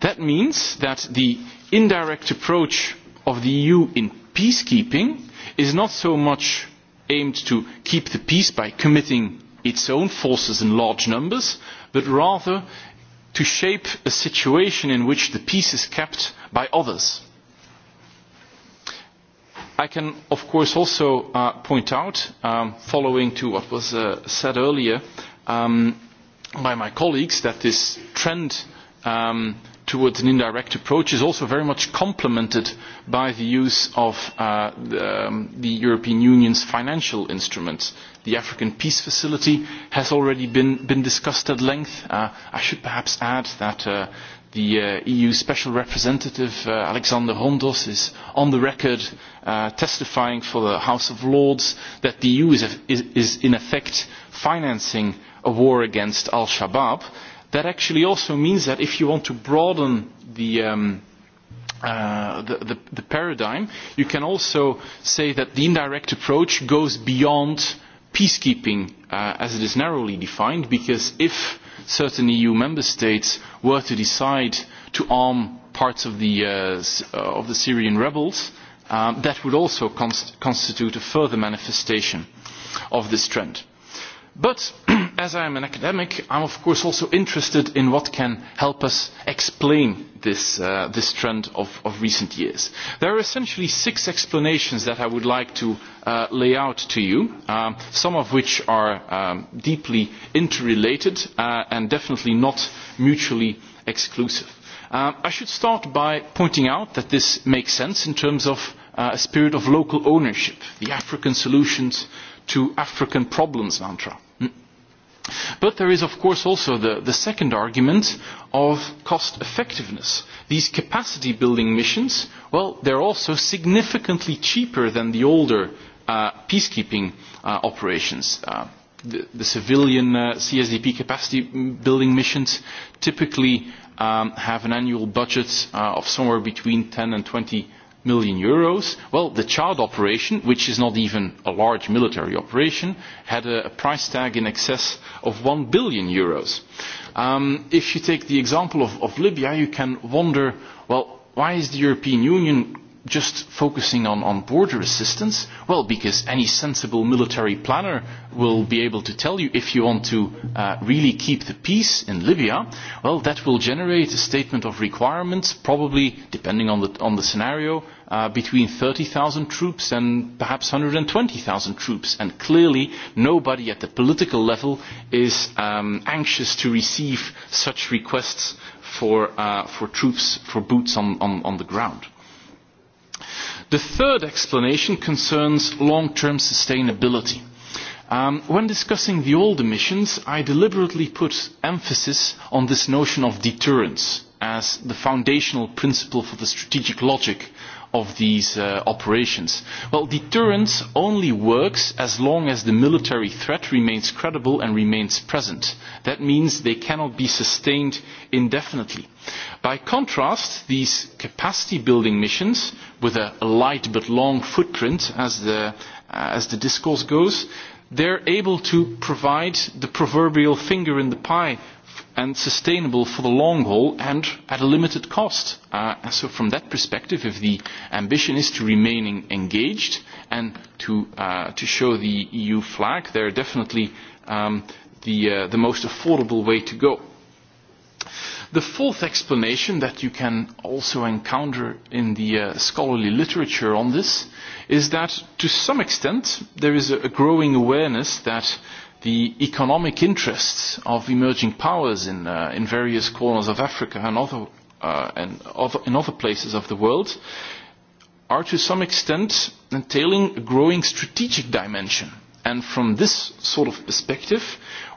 That means that the indirect approach of the EU in peacekeeping is not so much aimed to keep the peace by committing its own forces in large numbers, but rather to shape a situation in which the peace is kept by others. I can, of course, also uh, point out, um, following to what was uh, said earlier, um, by my colleagues that this trend um, towards an indirect approach is also very much complemented by the use of uh, the, um, the European Union's financial instruments. The African Peace Facility has already been, been discussed at length. Uh, I should perhaps add that uh, the uh, EU Special Representative uh, Alexander Hondos is on the record uh, testifying for the House of Lords that the EU is, is, is in effect financing a war against al-Shabaab, that actually also means that if you want to broaden the, um, uh, the, the, the paradigm, you can also say that the indirect approach goes beyond peacekeeping uh, as it is narrowly defined, because if certain EU member states were to decide to arm parts of the, uh, uh, of the Syrian rebels, um, that would also const constitute a further manifestation of this trend. But as I am an academic, I am of course also interested in what can help us explain this, uh, this trend of, of recent years. There are essentially six explanations that I would like to uh, lay out to you, um, some of which are um, deeply interrelated uh, and definitely not mutually exclusive. Um, I should start by pointing out that this makes sense in terms of uh, a spirit of local ownership, the African solutions to African problems mantra But there is, of course, also the, the second argument of cost effectiveness. These capacity building missions, well, they're also significantly cheaper than the older uh, peacekeeping uh, operations. Uh, the, the civilian uh, CSDP capacity building missions typically um, have an annual budget uh, of somewhere between 10 and 20 million euros. Well, the Chad operation, which is not even a large military operation, had a, price tag in excess of 1 billion euros. Um, if you take the example of, of Libya, you can wonder, well, why is the European Union just focusing on, on border assistance? Well, because any sensible military planner will be able to tell you if you want to uh, really keep the peace in Libya, well, that will generate a statement of requirements, probably, depending on the, on the scenario, uh, between 30,000 troops and perhaps 120,000 troops. And clearly, nobody at the political level is um, anxious to receive such requests for, uh, for troops, for boots on, on, on the ground. The third explanation concerns long-term sustainability. Um, when discussing the old emissions, I deliberately put emphasis on this notion of deterrence as the foundational principle for the strategic logic of these uh, operations? Well, deterrence only works as long as the military threat remains credible and remains present. That means they cannot be sustained indefinitely. By contrast, these capacity building missions, with a light but long footprint, as the, uh, as the discourse goes, they're able to provide the proverbial finger in the pie and sustainable for the long haul and at a limited cost. Uh, so from that perspective, if the ambition is to remain engaged and to, uh, to show the EU flag, they're definitely um, the, uh, the most affordable way to go. The fourth explanation that you can also encounter in the uh, scholarly literature on this is that to some extent there is a, a growing awareness that the economic interests of emerging powers in, uh, in various corners of Africa and, other, uh, and other, in other places of the world are to some extent entailing a growing strategic dimension. And from this sort of perspective,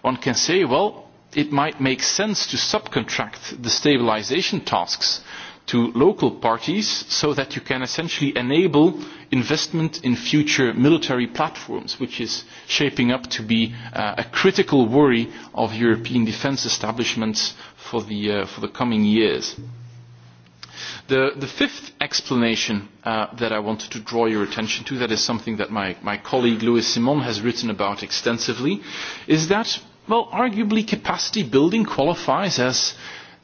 one can say, well, it might make sense to subcontract the stabilization tasks to local parties so that you can essentially enable investment in future military platforms, which is shaping up to be uh, a critical worry of European defence establishments for the, uh, for the coming years. The, the fifth explanation uh, that I wanted to draw your attention to, that is something that my, my colleague Louis Simon has written about extensively, is that, well, arguably capacity building qualifies as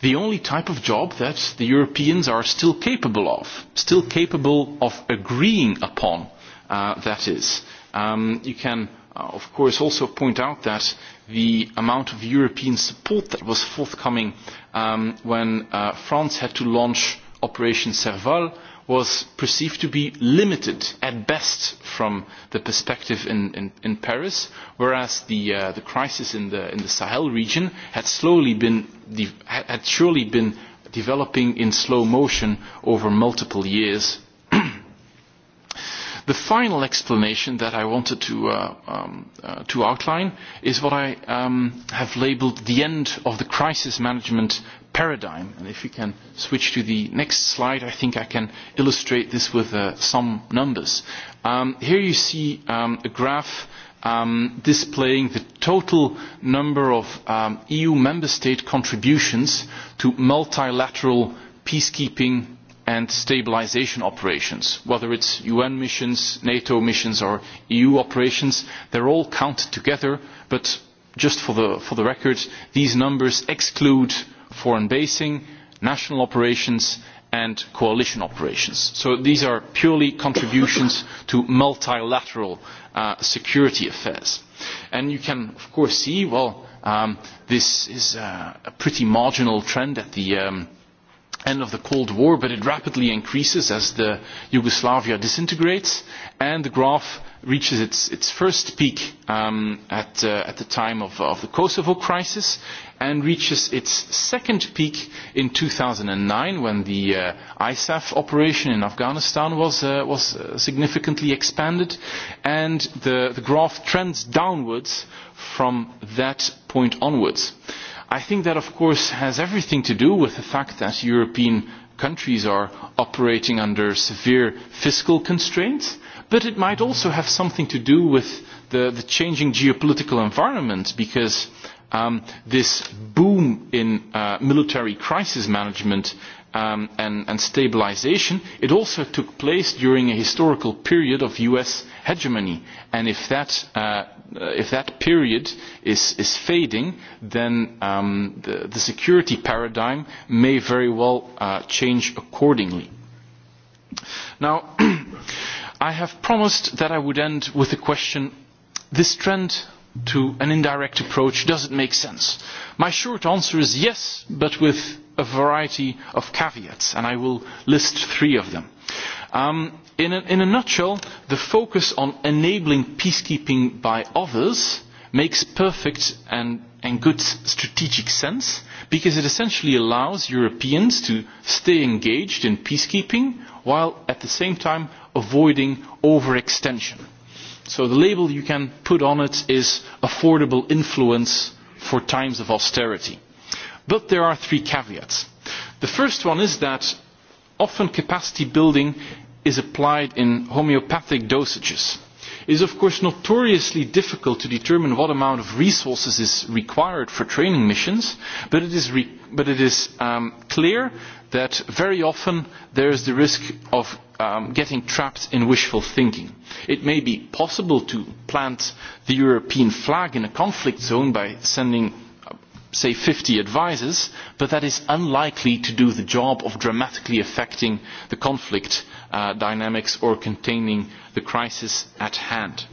the only type of job that the Europeans are still capable of, still capable of agreeing upon, uh, that is. Um, you can, uh, of course, also point out that the amount of European support that was forthcoming um, when uh, France had to launch Operation Serval was perceived to be limited at best from the perspective in, in, in Paris, whereas the, uh, the crisis in the, in the Sahel region had, slowly been de had surely been developing in slow motion over multiple years The final explanation that I wanted to, uh, um, uh, to outline is what I um, have labeled the end of the crisis management paradigm. And if we can switch to the next slide, I think I can illustrate this with uh, some numbers. Um, here you see um, a graph um, displaying the total number of um, EU member state contributions to multilateral peacekeeping and stabilisation operations whether it is un missions nato missions or eu operations they are all counted together but just for the, record these numbers exclude foreign basing national operations and coalition operations so these are purely contributions to multilateral uh, security affairs and you can of course see well um, this is uh, a pretty marginal trend at the um, end of the Cold War, but it rapidly increases as the Yugoslavia disintegrates, and the graph reaches its, its first peak um, at, uh, at the time of, of the Kosovo crisis, and reaches its second peak in two thousand nine when the uh, ISAF operation in Afghanistan was, uh, was uh, significantly expanded, and the, the graph trends downwards from that point onwards. I think that, of course, has everything to do with the fact that European countries are operating under severe fiscal constraints, but it might also have something to do with the, the changing geopolitical environment because um, this boom in uh, military crisis management Um, and, and stabilisation, it also took place during a historical period of US hegemony. And if that, uh, if that period is, is fading, then um, the, the security paradigm may very well uh, change accordingly. Now, I have promised that I would end with a question. This trend to an indirect approach, does it make sense? My short answer is yes, but with a variety of caveats, and I will list three of them. Um, in, a, in a nutshell, the focus on enabling peacekeeping by others makes perfect and, and good strategic sense because it essentially allows Europeans to stay engaged in peacekeeping while at the same time avoiding overextension. So the label you can put on it is affordable influence for times of austerity But there are three caveats. The first one is that often capacity building is applied in homeopathic dosages. It is of course notoriously difficult to determine what amount of resources is required for training missions, but it is, re but it is um, clear that very often there is the risk of um, getting trapped in wishful thinking. It may be possible to plant the European flag in a conflict zone by sending say fifty advisers but that is unlikely to do the job of dramatically affecting the conflict uh, dynamics or containing the crisis at hand.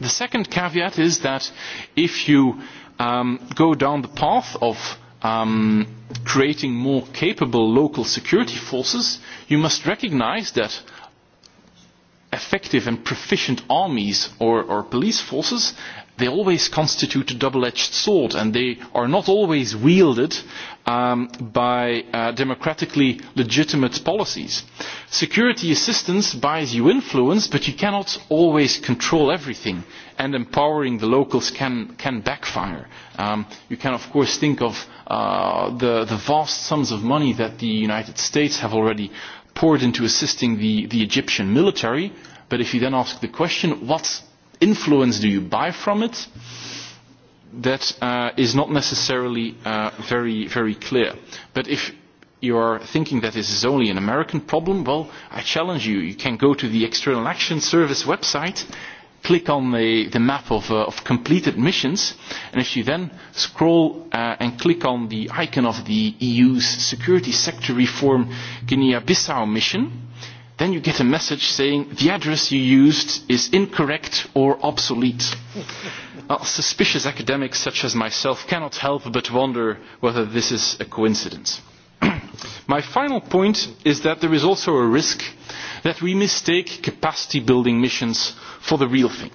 The second caveat is that if you um, go down the path of um, creating more capable local security forces, you must recognise that effective and proficient armies or, or police forces they always constitute a double-edged sword and they are not always wielded um, by uh, democratically legitimate policies. Security assistance buys you influence, but you cannot always control everything, and empowering the locals can, can backfire. Um, you can, of course, think of uh, the, the vast sums of money that the United States have already poured into assisting the, the Egyptian military, but if you then ask the question, what influence do you buy from it? That uh, is not necessarily uh, very, very clear. But if you are thinking that this is only an American problem, well, I challenge you. You can go to the External Action Service website, click on the, the map of, uh, of completed missions, and if you then scroll uh, and click on the icon of the EU's security sector reform Guinea-Bissau mission, then you get a message saying the address you used is incorrect or obsolete. well, suspicious academics such as myself cannot help but wonder whether this is a coincidence. My final point is that there is also a risk that we mistake capacity building missions for the real thing.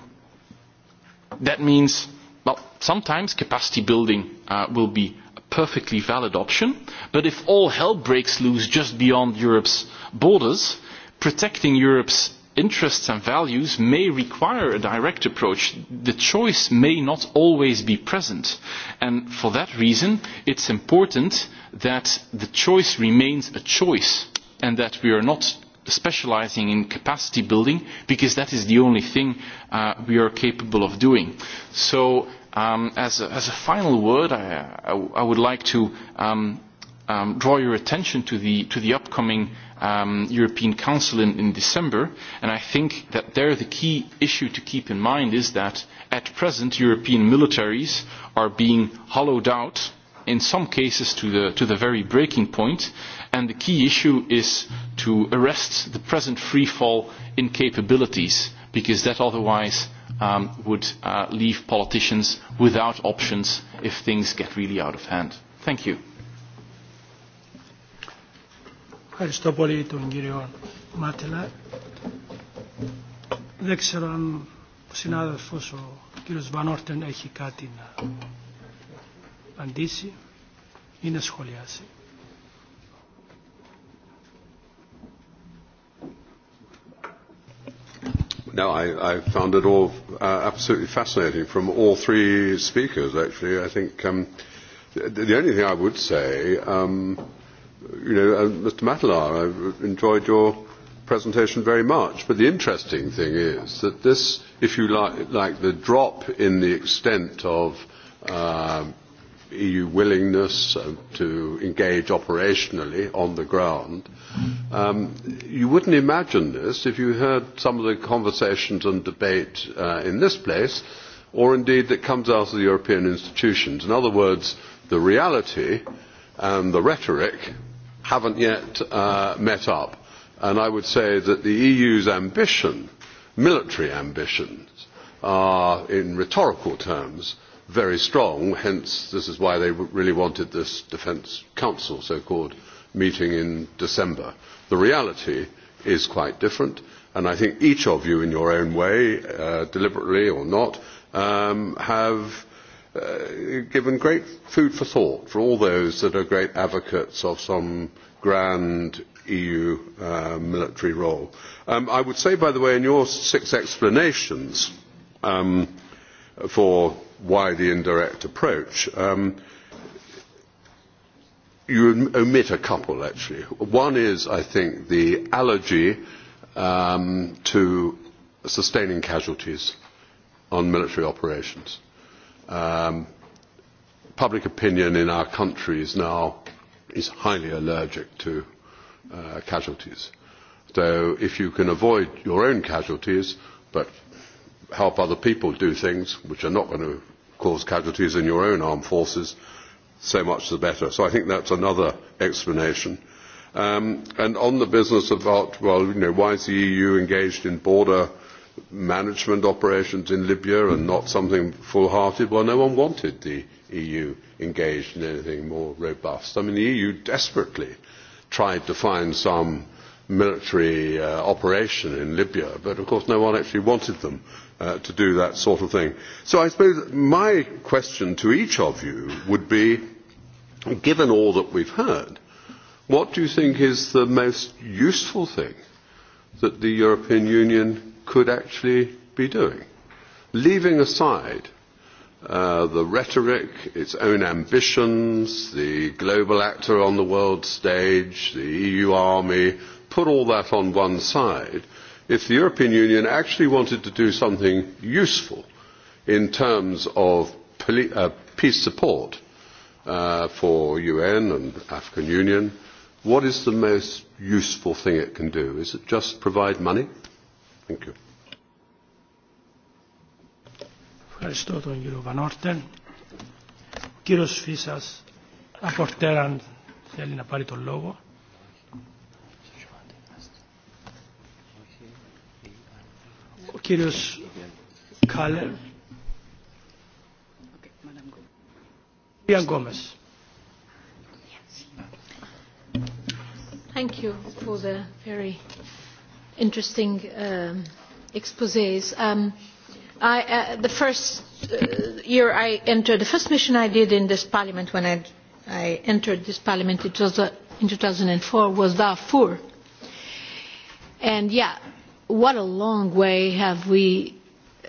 That means, well, sometimes capacity building uh, will be a perfectly valid option, but if all hell breaks loose just beyond Europe's borders, protecting Europe's interests and values may require a direct approach. The choice may not always be present. And for that reason, it's important that the choice remains a choice and that we are not specializing in capacity building because that is the only thing uh, we are capable of doing. So um, as, a, as a final word, I, I, I would like to um, um, draw your attention to the, to the upcoming um, European Council in, in December. And I think that there the key issue to keep in mind is that at present European militaries are being hollowed out in some cases to the, to the very breaking point. And the key issue is to arrest the present free fall in capabilities, because that otherwise um, would uh, leave politicians without options if things get really out of hand. Thank you. Ευχαριστώ πολύ τον κύριο Μάτελα. Δεν ξέρω αν ο συνάδελφος ο κύριος Βανόρτεν έχει κάτι να απαντήσει ή να σχολιάσει. No, I, I found it all uh, absolutely fascinating from all three speakers, actually. I think um, the, the only thing I would say um, you know, uh, Mr. Matalar, I've enjoyed your presentation very much, but the interesting thing is that this, if you like, like the drop in the extent of uh, um, EU willingness uh, to engage operationally on the ground, um, you wouldn't imagine this if you heard some of the conversations and debate uh, in this place, or indeed that comes out of the European institutions. In other words, the reality and the rhetoric have not yet uh, met up. And I would say that the EU's ambition, military ambitions, are in rhetorical terms very strong. Hence, this is why they really wanted this Defence Council, so-called, meeting in December. The reality is quite different, and I think each of you, in your own way, uh, deliberately or not, um, have uh, given great food for thought for all those that are great advocates of some grand EU uh, military role. Um, I would say, by the way, in your six explanations um, for why the indirect approach, um, you omit a couple, actually. One is, I think, the allergy um, to sustaining casualties on military operations Um, public opinion in our country is now is highly allergic to uh, casualties. So if you can avoid your own casualties, but help other people do things which are not going to cause casualties in your own armed forces, so much the better. So I think that's another explanation. Um, and on the business about, well, you know, why is the EU engaged in border management operations in Libya and not something full-hearted? Well, no one wanted the EU engaged in anything more robust. I mean, the EU desperately tried to find some military uh, operation in Libya, but of course no one actually wanted them uh, to do that sort of thing. So I suppose my question to each of you would be, given all that we've heard, what do you think is the most useful thing that the European Union could actually be doing. Leaving aside uh, the rhetoric, its own ambitions, the global actor on the world stage, the EU army, put all that on one side, if the European Union actually wanted to do something useful in terms of poli- uh, peace support uh, for UN and African Union, what is the most useful thing it can do? Is it just provide money? Thank you. Ευχαριστώ τον κύριο Βανόρτεν. Ο κύριος Φίσας, απορτέρ αν θέλει να πάρει τον λόγο. Ο κύριος Κάλερ. Κυρία Γκόμες. Thank you for the very interesting um, Um, I, uh, the first uh, year I entered, the first mission I did in this parliament when I, I entered this parliament, it was uh, in 2004, was Darfur. And yeah, what a long way have we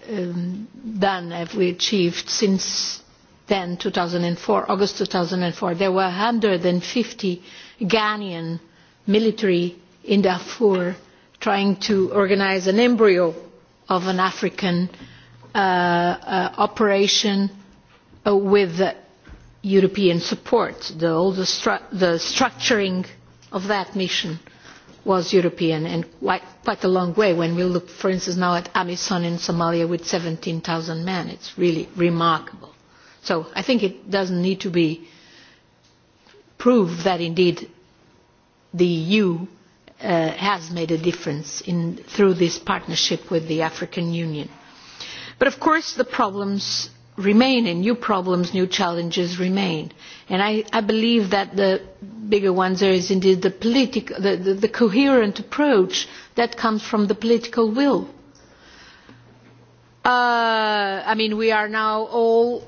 um, done, have we achieved since then, 2004, August 2004. There were 150 Ghanaian military in Darfur trying to organise an embryo of an African uh, uh, operation uh, with European support. The, all the, stru the structuring of that mission was European and quite, quite a long way. When we look, for instance, now at Amisom in Somalia with 17,000 men, it's really remarkable. So I think it doesn't need to be proved that indeed the EU Uh, has made a difference in, through this partnership with the African Union. But of course, the problems remain, and new problems, new challenges remain. And I, I believe that the bigger ones there is indeed the, politic, the, the, the coherent approach that comes from the political will. Uh, I mean, we are now all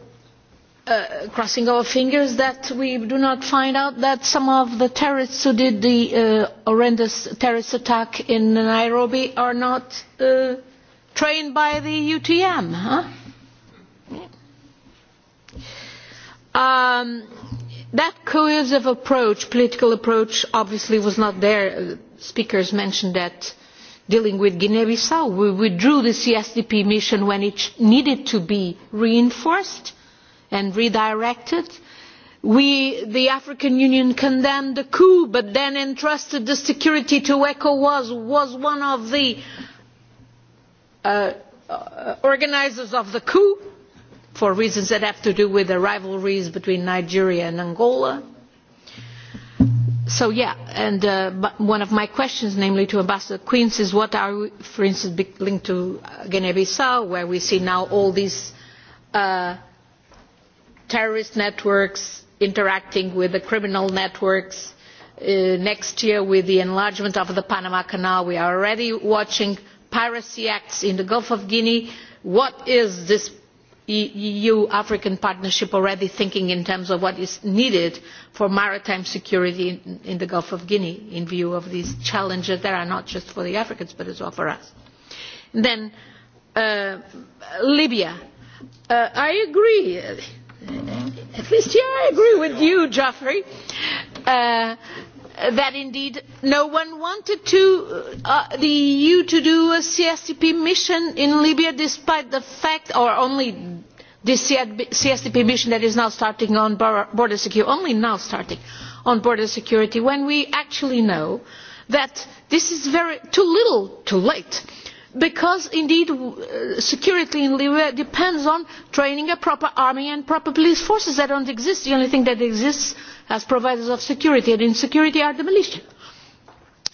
Uh, crossing our fingers that we do not find out that some of the terrorists who did the uh, horrendous terrorist attack in Nairobi are not uh, trained by the UTM. Um, that cohesive approach, political approach, obviously was not there. Speakers mentioned that dealing with Guinea-Bissau. We withdrew the CSDP mission when it needed to be reinforced and redirected. We, the African Union condemned the coup, but then entrusted the security to ECOWAS, was one of the uh, uh, organisers of the coup, for reasons that have to do with the rivalries between Nigeria and Angola. So yeah, and uh, one of my questions, namely to Ambassador Queens, is what are, we, for instance, linked to Guinea-Bissau, where we see now all these uh, terrorist networks interacting with the criminal networks uh, next year with the enlargement of the panama canal we are already watching piracy acts in the gulf of guinea what is this eu e african partnership already thinking in terms of what is needed for maritime security in, in the gulf of guinea in view of these challenges that are not just for the africans but as well for us? then uh, libya uh, i agree at least here I agree with you, Geoffrey, uh, that indeed no one wanted to, uh, the EU to do a CSTP mission in Libya despite the fact, or only this CSTP mission that is now starting on border security, only now starting on border security, when we actually know that this is very, too little too late because indeed uh, security in libya depends on training a proper army and proper police forces that do not exist. the only thing that exists as providers of security and insecurity are the militia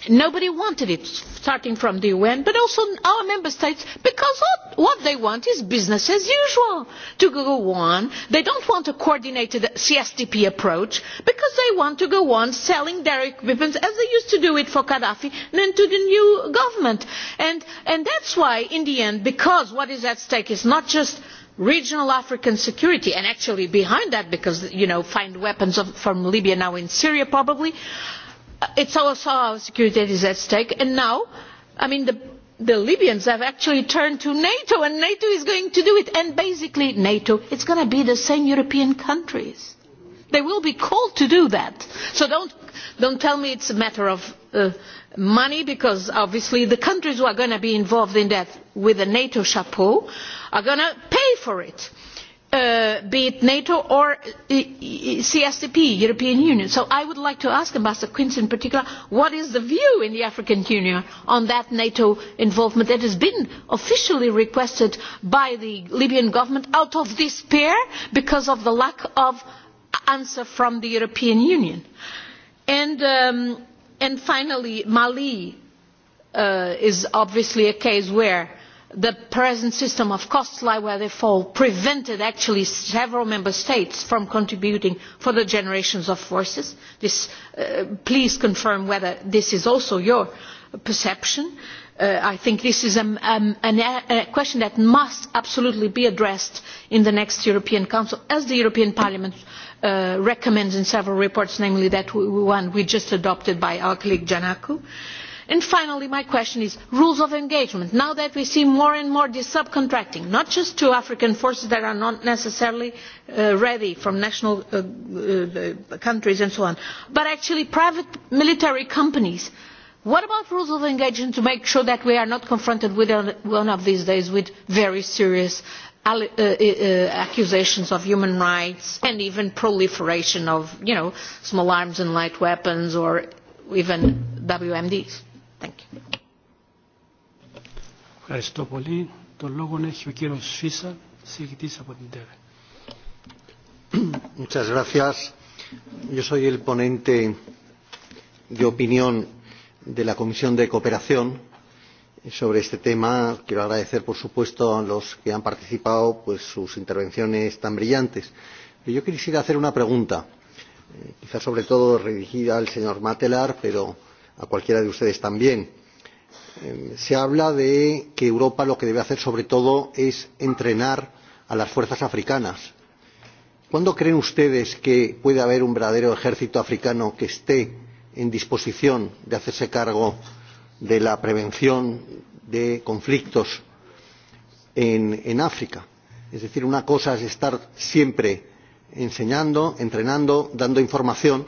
nobody wanted it starting from the un but also our member states because what, they want is business as usual to go on they do not want a coordinated csdp approach because they want to go on selling their equipment as they used to do it for gaddafi and to the new government and, and that is why in the end because what is at stake is not just regional african security and actually behind that because you know find weapons of, from libya now in syria probably but Uh, it is also our security that is at stake and now I mean, the, the libyans have actually turned to nato and nato is going to do it and basically nato is going to be the same european countries they will be called to do that so do not tell me it is a matter of uh, money because obviously the countries who are going to be involved in that with a nato chapeau are going to pay for it Uh, be it nato or uh, e, e, csdp european union so i would like to ask ambassador quinn in particular what is the view in the african union on that nato involvement that has been officially requested by the libyan government out of despair because of the lack of answer from the european union and, um, finally mali uh, is obviously a case where the present system of costs lie where they fall prevented actually several member states from contributing for the generations of forces. Uh, please confirm whether this is also your perception. Uh, i think this is um, um, uh, a question that must absolutely be addressed in the next european council as the european parliament recommends in several reports namely that one we just adopted by our colleague giannakou. And finally my question is rules of engagement now that we see more and more this subcontracting not just to african forces that are not necessarily uh, ready from national uh, uh, countries and so on but actually private military companies what about rules of engagement to make sure that we are not confronted with one of these days with very serious accusations of human rights and even proliferation of small arms and light weapons or even wmds? Thank you. Ευχαριστώ πολύ. Το λόγο έχει ο κύριος Φίσα, από την ΤΕΒΕ. Muchas gracias. Yo soy el ponente de opinión de la Comisión de Cooperación sobre este tema. Quiero agradecer, por supuesto, a los que han participado pues, sus intervenciones tan brillantes. Pero yo quisiera hacer una pregunta, eh, quizás sobre todo dirigida al señor Matelar, pero a cualquiera de ustedes también. Eh, se habla de que Europa lo que debe hacer sobre todo es entrenar a las fuerzas africanas. ¿Cuándo creen ustedes que puede haber un verdadero ejército africano que esté en disposición de hacerse cargo de la prevención de conflictos en, en África? Es decir, una cosa es estar siempre enseñando, entrenando, dando información,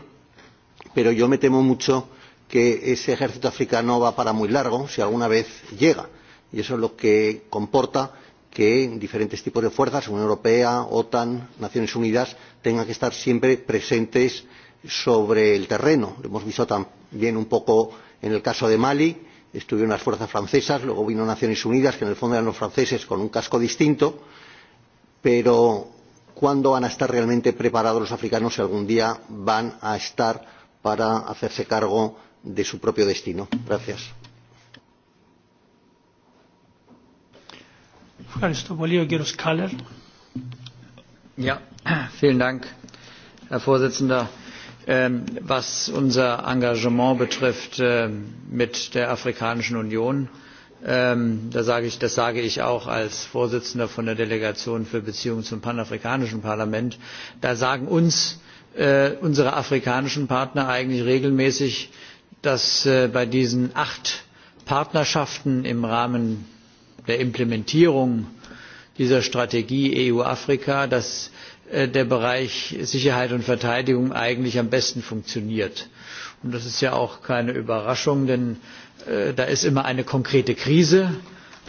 pero yo me temo mucho que ese ejército africano va para muy largo si alguna vez llega y eso es lo que comporta que diferentes tipos de fuerzas unión europea otan naciones unidas tengan que estar siempre presentes sobre el terreno. lo hemos visto también un poco en el caso de mali estuvieron las fuerzas francesas luego vino las naciones unidas que en el fondo eran los franceses con un casco distinto pero cuándo van a estar realmente preparados los africanos si algún día van a estar para hacerse cargo de su propio destino. Gracias. Ja, vielen Dank, Herr Vorsitzender. Ähm, was unser Engagement betrifft äh, mit der Afrikanischen Union, ähm, da sage ich, das sage ich auch als Vorsitzender von der Delegation für Beziehungen zum panafrikanischen Parlament, da sagen uns äh, unsere afrikanischen Partner eigentlich regelmäßig, dass äh, bei diesen acht partnerschaften im rahmen der implementierung dieser strategie eu afrika äh, der bereich sicherheit und verteidigung eigentlich am besten funktioniert. das ist ja auch keine überraschung denn äh, da ist immer eine konkrete krise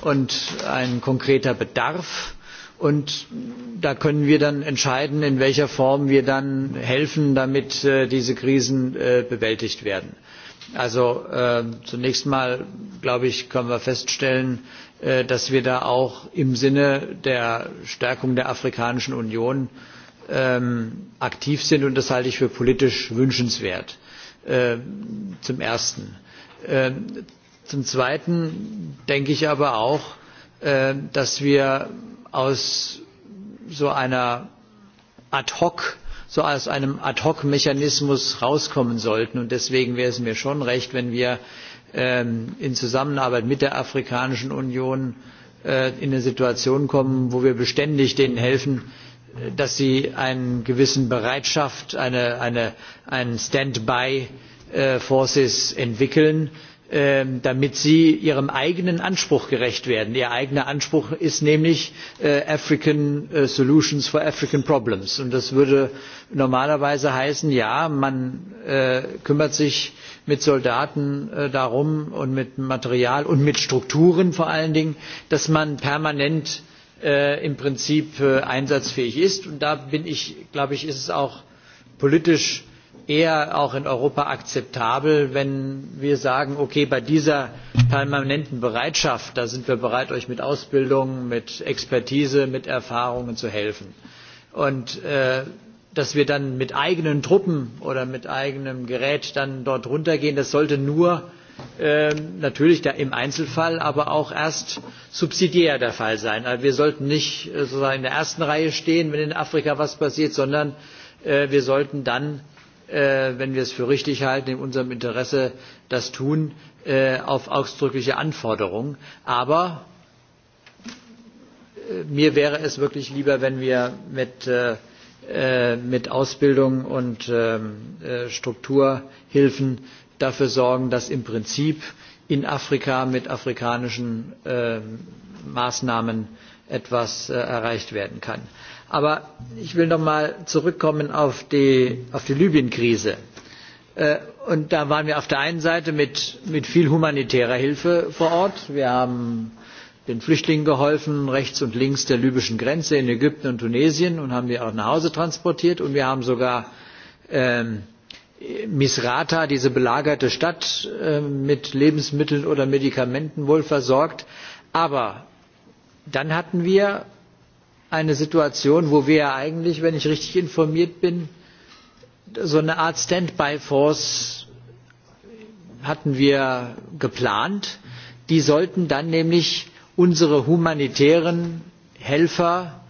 und ein konkreter bedarf und da können wir dann entscheiden in welcher form wir dann helfen damit diese krisen bewältigt werden. Also äh, zunächst mal, glaube ich, können wir feststellen, äh, dass wir da auch im Sinne der Stärkung der Afrikanischen Union ähm, aktiv sind und das halte ich für politisch wünschenswert. Äh, zum Ersten. Ähm, zum Zweiten denke ich aber auch, äh, dass wir aus so einer ad hoc so aus einem ad hoc mechanismus herauskommen sollten und deswegen wäre es mir schon recht wenn wir ähm, in zusammenarbeit mit der afrikanischen union äh, in eine situation kommen wo wir beständig denen helfen äh, dass sie eine gewisse bereitschaft eine, ein stand by äh, forces entwickeln Ähm, damit sie ihrem eigenen anspruch gerecht werden. ihr eigener anspruch ist nämlich äh, african äh, solutions for african problems und das würde normalerweise heißen ja man äh, kümmert sich mit soldaten darum und mit material und mit strukturen vor allen dingen dass man permanent im prinzip einsatzfähig ist und da bin ich glaube ich ist es auch politisch eher auch in europa akzeptabel wenn wir sagen okay bei dieser permanenten bereitschaft da sind wir bereit euch mit ausbildung mit expertise mit erfahrungen zu helfen und äh, dass wir dann mit eigenen truppen oder mit eigenem gerät dann dort runtergehen das sollte nur ähm, natürlich im einzelfall aber auch erst subsidiär der fall sein. wir sollten nicht äh, sozusagen in der ersten reihe stehen wenn in afrika etwas passiert sondern äh, wir sollten dann Äh, wenn wir es für richtig halten, in unserem Interesse das tun, äh, auf ausdrückliche Anforderungen. Aber äh, mir wäre es wirklich lieber, wenn wir mit, mit Ausbildung und ähm, Strukturhilfen dafür sorgen, dass im Prinzip in Afrika mit afrikanischen ähm, Maßnahmen etwas erreicht werden kann. Aber ich will noch mal zurückkommen auf die, auf die Libyen-Krise. Äh, und da waren wir auf der einen Seite mit, mit viel humanitärer Hilfe vor Ort. Wir haben den Flüchtlingen geholfen, rechts und links der libyschen Grenze in Ägypten und Tunesien und haben die auch nach Hause transportiert. Und wir haben sogar ähm, Misrata, diese belagerte Stadt, äh, mit Lebensmitteln oder Medikamenten wohl versorgt. Aber dann hatten wir eine situation wo wir eigentlich wenn ich richtig informiert bin so eine art standby force hatten wir geplant die sollten dann nämlich unsere humanitären helfer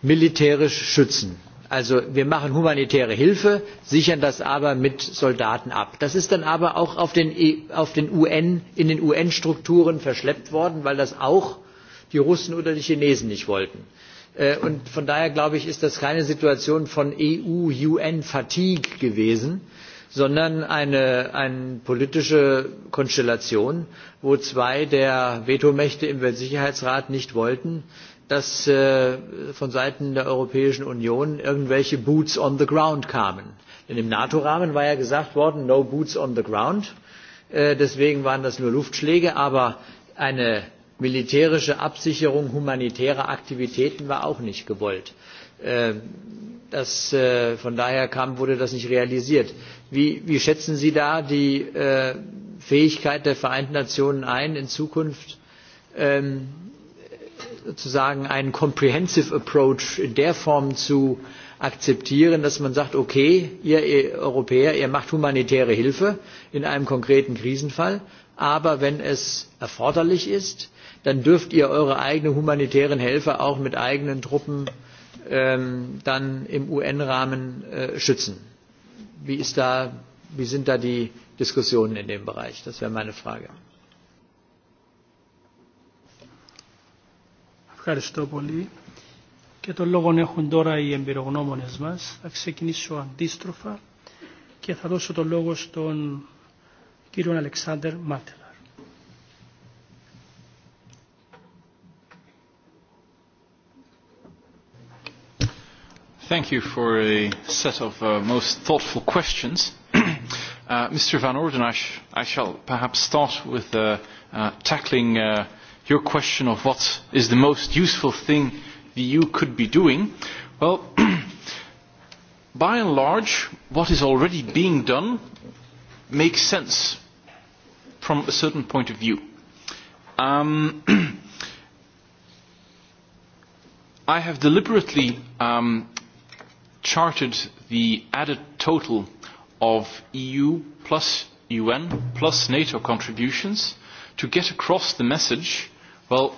militärisch schützen. also wir machen humanitäre hilfe sichern das aber mit soldaten ab. das ist dann aber auch auf den, e, auf den UN, in den un strukturen verschleppt worden weil das auch die russen oder die chinesen nicht wollten. Äh, und von daher, glaube ich, ist das keine Situation von EU-UN-Fatigue gewesen, sondern eine, politische Konstellation, wo zwei der Vetomächte im Weltsicherheitsrat nicht wollten, dass äh, von Seiten der Europäischen Union irgendwelche Boots on the ground kamen. Denn im NATO-Rahmen war ja gesagt worden, no boots on the ground. Äh, deswegen waren das nur Luftschläge, aber eine militärische Absicherung humanitärer Aktivitäten war auch nicht gewollt. Ähm, das, äh, von daher kam, wurde das nicht realisiert. Wie, wie schätzen Sie da die äh, Fähigkeit der Vereinten Nationen ein, in Zukunft ähm, sozusagen einen comprehensive approach in der Form zu akzeptieren, dass man sagt, okay, ihr, ihr Europäer, ihr macht humanitäre Hilfe in einem konkreten Krisenfall, aber wenn es erforderlich ist, dann dürft ihr eure eigenen humanitären Helfer auch mit eigenen Truppen ähm, dann im UN-Rahmen äh, schützen. Wie, ist da, wie sind da die Diskussionen in dem Bereich? Das wäre meine Frage. Ευχαριστώ πολύ. Και τον λόγο έχουν τώρα οι εμπειρογνώμονες μας. Θα ξεκινήσω αντίστροφα και θα δώσω τον λόγο στον κύριο Αλεξάνδρ Μάτερα. Thank you for a set of uh, most thoughtful questions. uh, Mr. Van Orden, I, sh I shall perhaps start with uh, uh, tackling uh, your question of what is the most useful thing the EU could be doing. Well, by and large, what is already being done makes sense from a certain point of view. Um, I have deliberately um, charted the added total of EU plus UN plus NATO contributions to get across the message, well,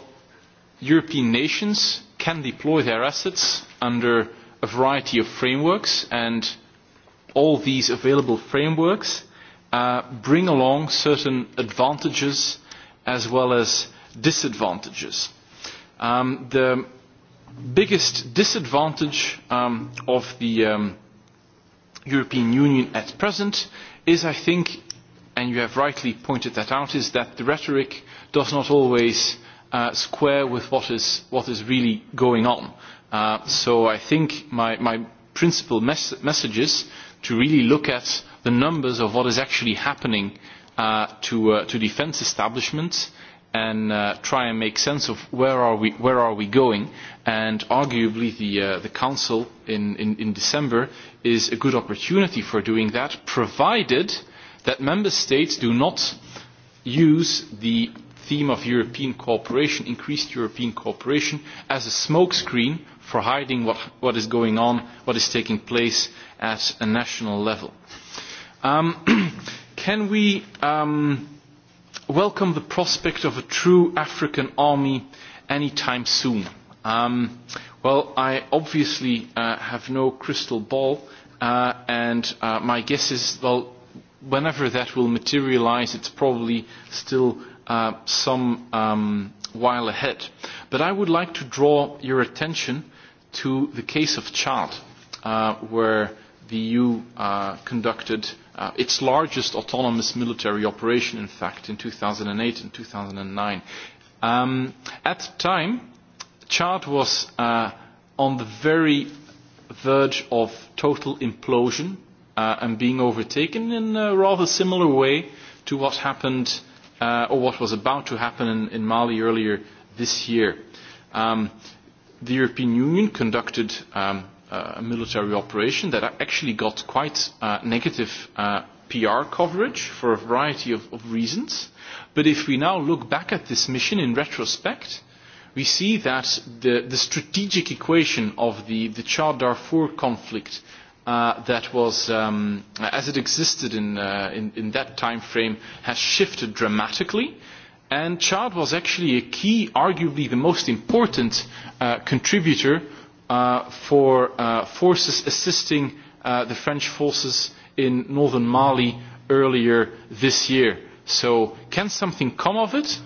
European nations can deploy their assets under a variety of frameworks and all these available frameworks uh, bring along certain advantages as well as disadvantages. Um, the biggest disadvantage um, of the um, European Union at present is, I think, and you have rightly pointed that out, is that the rhetoric does not always uh, square with what is, what is really going on. Uh, so I think my, my principal mes message is to really look at the numbers of what is actually happening uh, to, uh, to defence establishments and uh, try and make sense of where are we, where are we going. And arguably, the, uh, the Council in, in, in December is a good opportunity for doing that, provided that Member States do not use the theme of European cooperation, increased European cooperation, as a smokescreen for hiding what, what is going on, what is taking place at a national level. Um, can we... Um, welcome the prospect of a true African army anytime soon. Um, well, I obviously uh, have no crystal ball, uh, and uh, my guess is, well, whenever that will materialize, it's probably still uh, some um, while ahead. But I would like to draw your attention to the case of Chad, uh, where the EU uh, conducted uh, its largest autonomous military operation, in fact, in 2008 and 2009. Um, at the time, Chad was uh, on the very verge of total implosion uh, and being overtaken in a rather similar way to what happened uh, or what was about to happen in, in Mali earlier this year. Um, the European Union conducted um, Uh, military operation that actually got quite uh, negative uh, PR coverage for a variety of, of reasons. But if we now look back at this mission in retrospect, we see that the, the strategic equation of the, the Chad Darfur conflict uh, that was, um, as it existed in, uh, in, in that time frame, has shifted dramatically. And Chad was actually a key, arguably the most important uh, contributor uh, for uh, forces assisting uh, the French forces in northern Mali earlier this year. So can something come of it?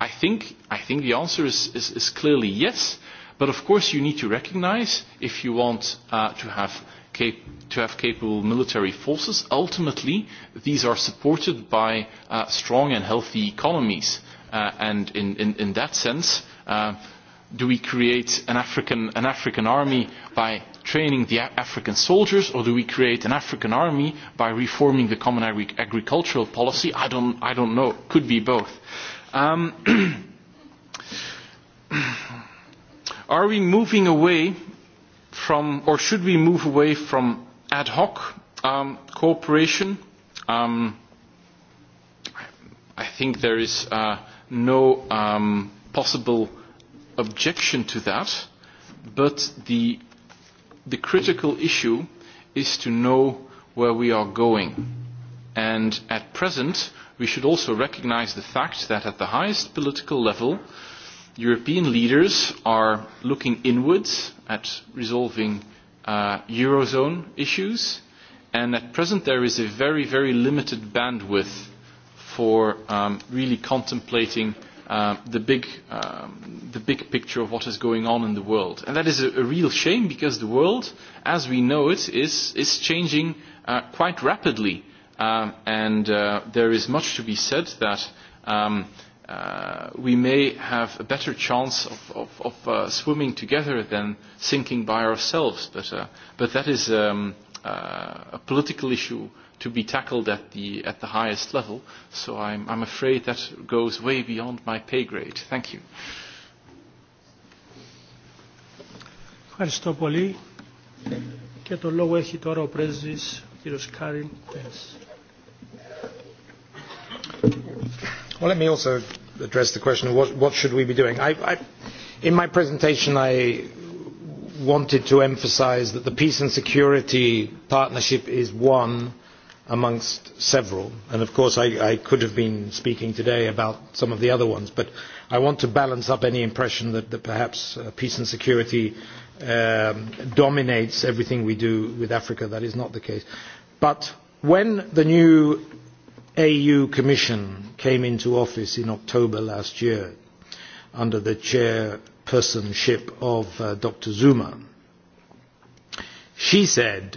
I think, I think the answer is, is, is clearly yes. But of course you need to recognize, if you want uh, to, have cap to have capable military forces, ultimately these are supported by uh, strong and healthy economies. Uh, and in, in, in that sense, uh, do we create an African, an African army by training the African soldiers, or do we create an African army by reforming the common agri agricultural policy? I don't, I don't know. Could be both. Um, are we moving away from, or should we move away from ad hoc um, cooperation? Um, I think there is uh, no um, possible objection to that, but the, the critical issue is to know where we are going. And at present, we should also recognise the fact that at the highest political level, European leaders are looking inwards at resolving uh, Eurozone issues, and at present there is a very, very limited bandwidth for um, really contemplating uh, the, big, um, the big picture of what is going on in the world. And that is a, a real shame because the world, as we know it, is, is changing uh, quite rapidly. Um, and uh, there is much to be said that um, uh, we may have a better chance of, of, of uh, swimming together than sinking by ourselves. But, uh, but that is um, uh, a political issue to be tackled at the, at the highest level. So I'm, I'm afraid that goes way beyond my pay grade. Thank you. Και το λόγο έχει τώρα ο πρέσβης, κύριος Κάριν Τένς. Well, let me also address the question of what, what should we be doing. I, I, in my presentation, I wanted to emphasize that the peace and security partnership is one amongst several. And of course, I, I could have been speaking today about some of the other ones, but I want to balance up any impression that, perhaps uh, peace and security um, dominates everything we do with Africa. That is not the case. But when the new AU Commission came into office in October last year under the chairpersonship of uh, Dr. Zuma, she said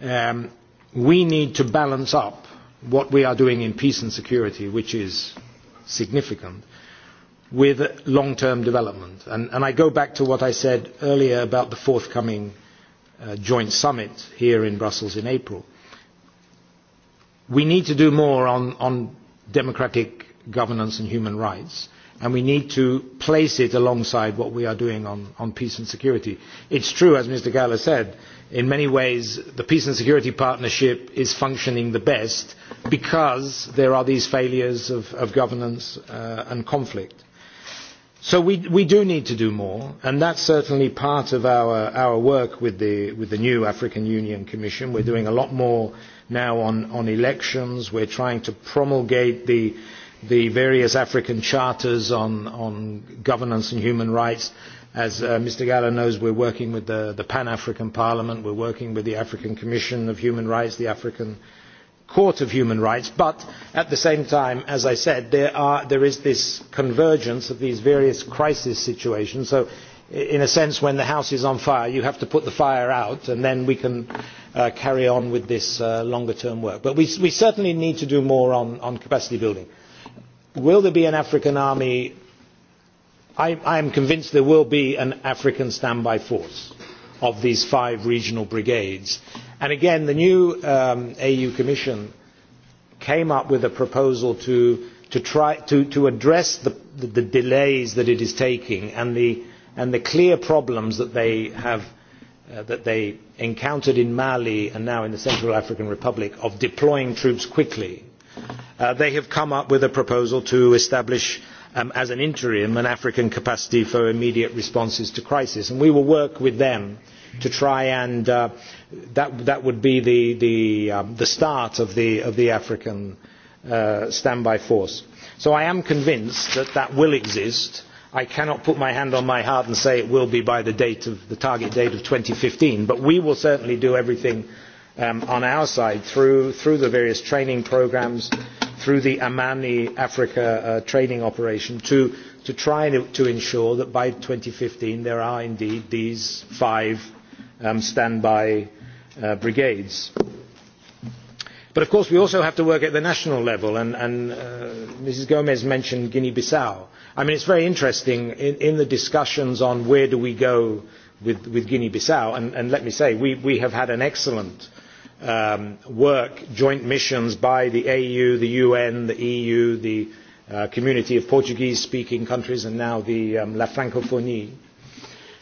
um, we need to balance up what we are doing in peace and security, which is significant, with long-term development. And, and I go back to what I said earlier about the forthcoming uh, joint summit here in Brussels in April. We need to do more on, on democratic governance and human rights and we need to place it alongside what we are doing on, on peace and security. It is true, as Mr. Gahler said, in many ways the peace and security partnership is functioning the best because there are these failures of, of governance uh, and conflict. So we, we do need to do more, and that's certainly part of our, our work with the, with the new African Union Commission. We're doing a lot more now on, on elections. We're trying to promulgate the the various African charters on, on governance and human rights. As uh, Mr. Gallo knows, we're working with the, the Pan-African Parliament, we're working with the African Commission of Human Rights, the African Court of Human Rights, but at the same time, as I said, there, are, there is this convergence of these various crisis situations. So in a sense when the house is on fire you have to put the fire out and then we can uh, carry on with this uh, longer term work. but we, we certainly need to do more on, on capacity building will there be an African army? I, I am convinced there will be an African standby force of these five regional brigades. And again, the new um, AU Commission came up with a proposal to, to, try, to, to address the, the, the delays that it is taking and the, and the clear problems that they have uh, that they encountered in Mali and now in the Central African Republic of deploying troops quickly Uh, they have come up with a proposal to establish um, as an interim an African capacity for immediate responses to crisis. And we will work with them to try and uh, that, that would be the, the, um, the start of the, of the African uh, standby force. So I am convinced that that will exist. I cannot put my hand on my heart and say it will be by the, date of, the target date of fifteen, but we will certainly do everything um, on our side through, through the various training programmes through the Amani Africa uh, training operation to, to try to ensure that by fifteen there are indeed these five um, standby uh, brigades. But of course we also have to work at the national level and, and uh, Mrs Gomez mentioned Guinea-Bissau. I mean, it's very interesting in, in the discussions on where do we go with, with Guinea-Bissau, and, and let me say, we, we have had an excellent uh, um, work joint missions by the au the un the eu the uh, community of portuguese speaking countries and now the um, la francophonie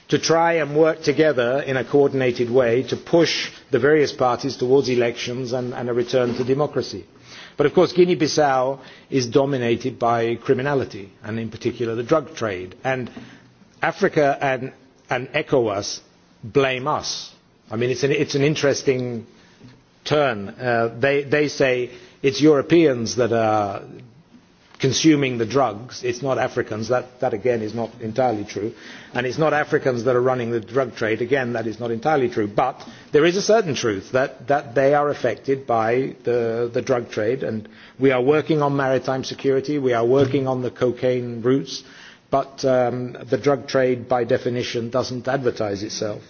to try and work together in a coordinated way to push the various parties towards elections and, and a return to democracy. But of course, Guinea Bissau is dominated by criminality, and in particular the drug trade. And Africa and, and ECOWAS blame us. I mean, it's an, it's an interesting turn. Uh, they, they say it's Europeans that are consuming the drugs. It's not Africans. That, that again is not entirely true. And it's not Africans that are running the drug trade. Again, that is not entirely true. But there is a certain truth that, that they are affected by the, the drug trade. And we are working on maritime security. We are working on the cocaine routes. But um, the drug trade, by definition, doesn't advertise itself.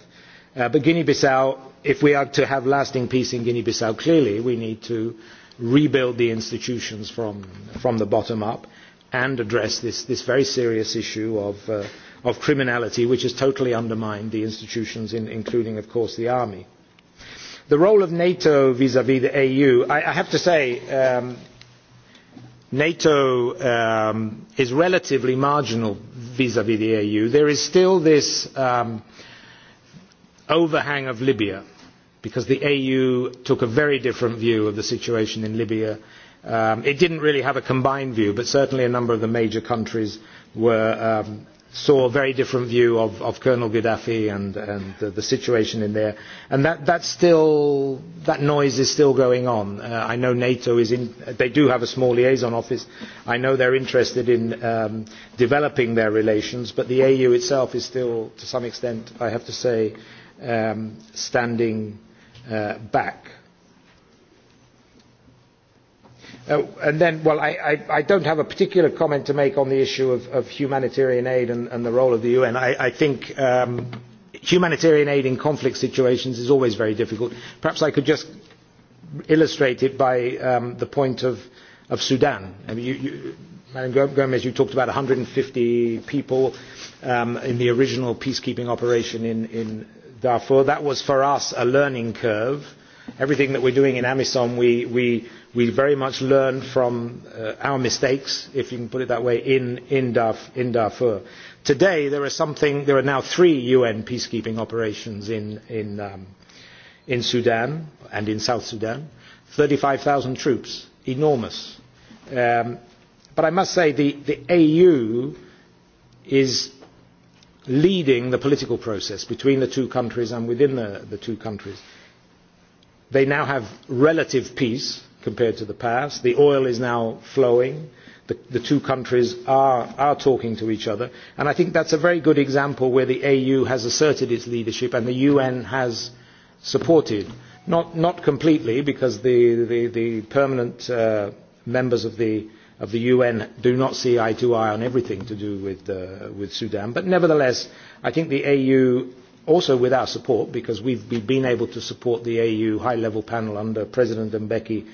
Uh, but Guinea-Bissau if we are to have lasting peace in guinea bissau clearly we need to rebuild the institutions from, from the bottom up and address this, this very serious issue of, uh, of criminality which has totally undermined the institutions in, including of course the army. the role of nato vis vis the au i, I have to say um, nato um, is relatively marginal vis vis the au. there is still this um, overhang of libya because the AU took a very different view of the situation in Libya. Um, it didn't really have a combined view, but certainly a number of the major countries were, um, saw a very different view of, of Colonel Gaddafi and, and the, the situation in there. And that, that's still, that noise is still going on. Uh, I know NATO is in, they do have a small liaison office. I know they're interested in um, developing their relations, but the AU itself is still, to some extent, I have to say, um, standing uh, back. Uh, and then, well, I, I, I don't have a particular comment to make on the issue of, of humanitarian aid and, and the role of the UN. I, I think um, humanitarian aid in conflict situations is always very difficult. Perhaps I could just illustrate it by um, the point of, of Sudan. I mean, you, you, Madam Gomez, you talked about 150 people um, in the original peacekeeping operation in, in Darfur. That was for us a learning curve. Everything that we are doing in AMISOM, we, we, we very much learn from uh, our mistakes, if you can put it that way, in, in, Darf, in Darfur. Today, there are, something, there are now three UN peacekeeping operations in, in, um, in Sudan and in South Sudan. 35,000 troops, enormous. Um, but I must say the, the AU is leading the political process between the two countries and within the, the two countries. They now have relative peace compared to the past. The oil is now flowing. The, the two countries are, are talking to each other. And I think that's a very good example where the AU has asserted its leadership and the UN has supported. Not, not completely, because the, the, the permanent uh, members of the of the UN do not see eye to eye on everything to do with, uh, with Sudan. But nevertheless, I think the AU, also with our support, because we've been able to support the AU high-level panel under President Mbeki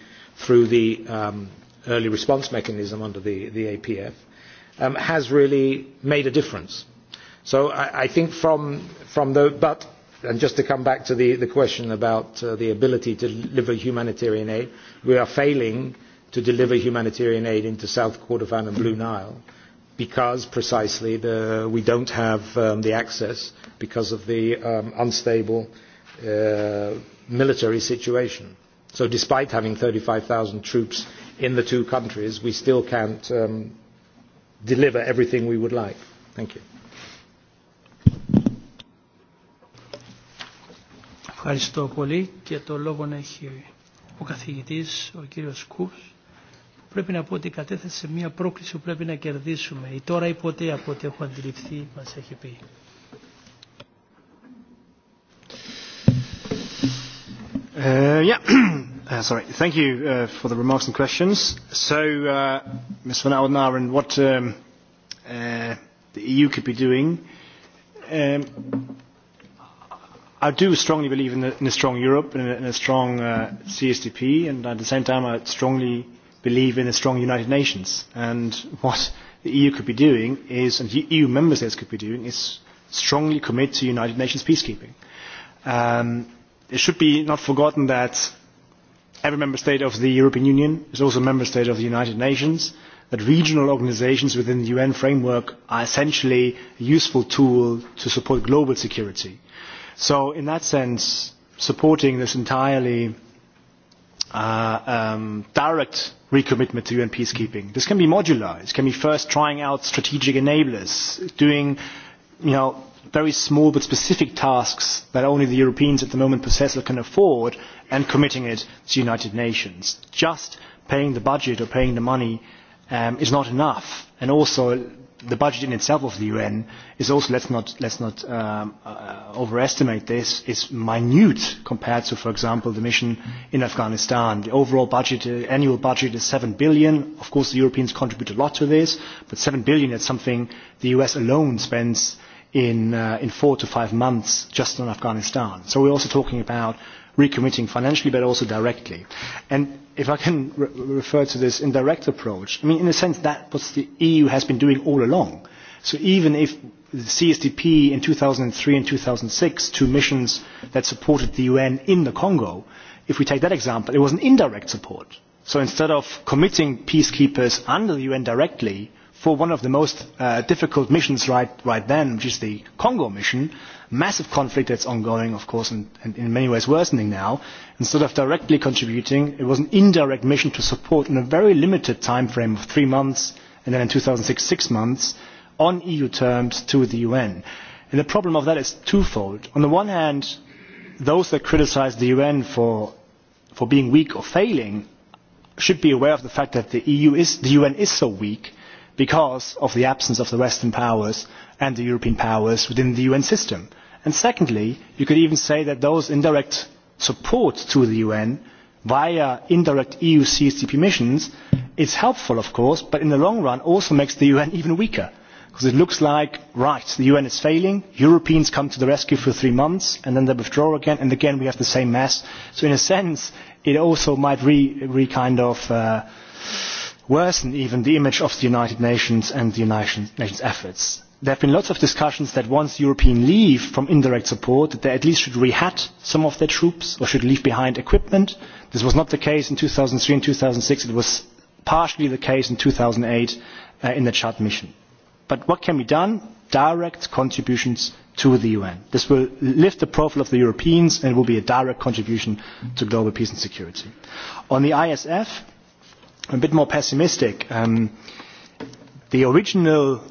through the um, early response mechanism under the, the APF, um, has really made a difference. So I, I think from, from the, but, and just to come back to the, the question about uh, the ability to deliver humanitarian aid, we are failing uh, to deliver humanitarian aid into South Kordofan and Blue Nile because precisely the, we don't have um, the access because of the um, unstable uh, military situation. So despite having 35,000 troops in the two countries, we still can't um, deliver everything we would like. Thank you. Ευχαριστώ πολύ και το λόγο έχει ο καθηγητής, ο κύριος Κούς πρέπει να πω ότι κατέθεσε σε μια πρόκληση που πρέπει να κερδίσουμε. Η τώρα ή ποτέ από ό,τι έχω αντιληφθεί μα έχει πει. Uh, yeah. uh, sorry. Thank you uh, for the remarks and questions. So, uh, Ms. Van Oudenaren, what um, uh, the EU could be doing, um, I do strongly believe in, the, in a strong Europe and a, in a strong uh, CSDP, and at the same time, I strongly believe in a strong United Nations. And what the EU could be doing is, and EU e member states could be doing, is strongly commit to United Nations peacekeeping. Um, it should be not forgotten that every member state of the European Union is also a member state of the United Nations, that regional organisations within the UN framework are essentially a useful tool to support global security. So in that sense, supporting this entirely Uh, um, direct recommitment to UN peacekeeping. This can be modular. It can be first trying out strategic enablers, doing you know, very small but specific tasks that only the Europeans at the moment possess or can afford and committing it to the United Nations. Just paying the budget or paying the money um, is not enough. And also the budget in itself of the UN is also, let's not, let's not um, uh, overestimate this, is minute compared to, for example, the mission in Afghanistan. The overall budget, uh, annual budget is 7 billion. Of course, the Europeans contribute a lot to this, but 7 billion is something the US alone spends in, uh, in four to five months just on Afghanistan. So we're also talking about recommitting financially but also directly. And if I can re refer to this indirect approach, I mean, in a sense, that's what the EU has been doing all along. So even if the CSDP in 2003 and 2006, two missions that supported the UN in the Congo, if we take that example, it was an indirect support. So instead of committing peacekeepers under the UN directly for one of the most uh, difficult missions right, right then, which is the Congo mission, massive conflict that's ongoing, of course, and, and in many ways worsening now, instead of directly contributing, it was an indirect mission to support in a very limited time frame of three months, and then in 2006, six months, on EU terms to the UN. And the problem of that is twofold. On the one hand, those that criticise the UN for, for being weak or failing should be aware of the fact that the, EU is, the UN is so weak because of the absence of the Western powers and the European powers within the UN system. And secondly, you could even say that those indirect support to the UN via indirect EU CSDP missions is helpful, of course, but in the long run also makes the UN even weaker. Because it looks like, right, the UN is failing, Europeans come to the rescue for three months, and then they withdraw again, and again we have the same mess. So in a sense, it also might re, re kind of uh, worsen even the image of the United Nations and the United Nations efforts there have been lots of discussions that once Europeans leave from indirect support, that they at least should rehat some of their troops or should leave behind equipment. This was not the case in two thousand three and two thousand six. It was partially the case in two thousand eight uh, in the Chad mission. But what can be done? Direct contributions to the UN. This will lift the profile of the Europeans and will be a direct contribution to global peace and security. On the ISF, I'm a bit more pessimistic. Um, the original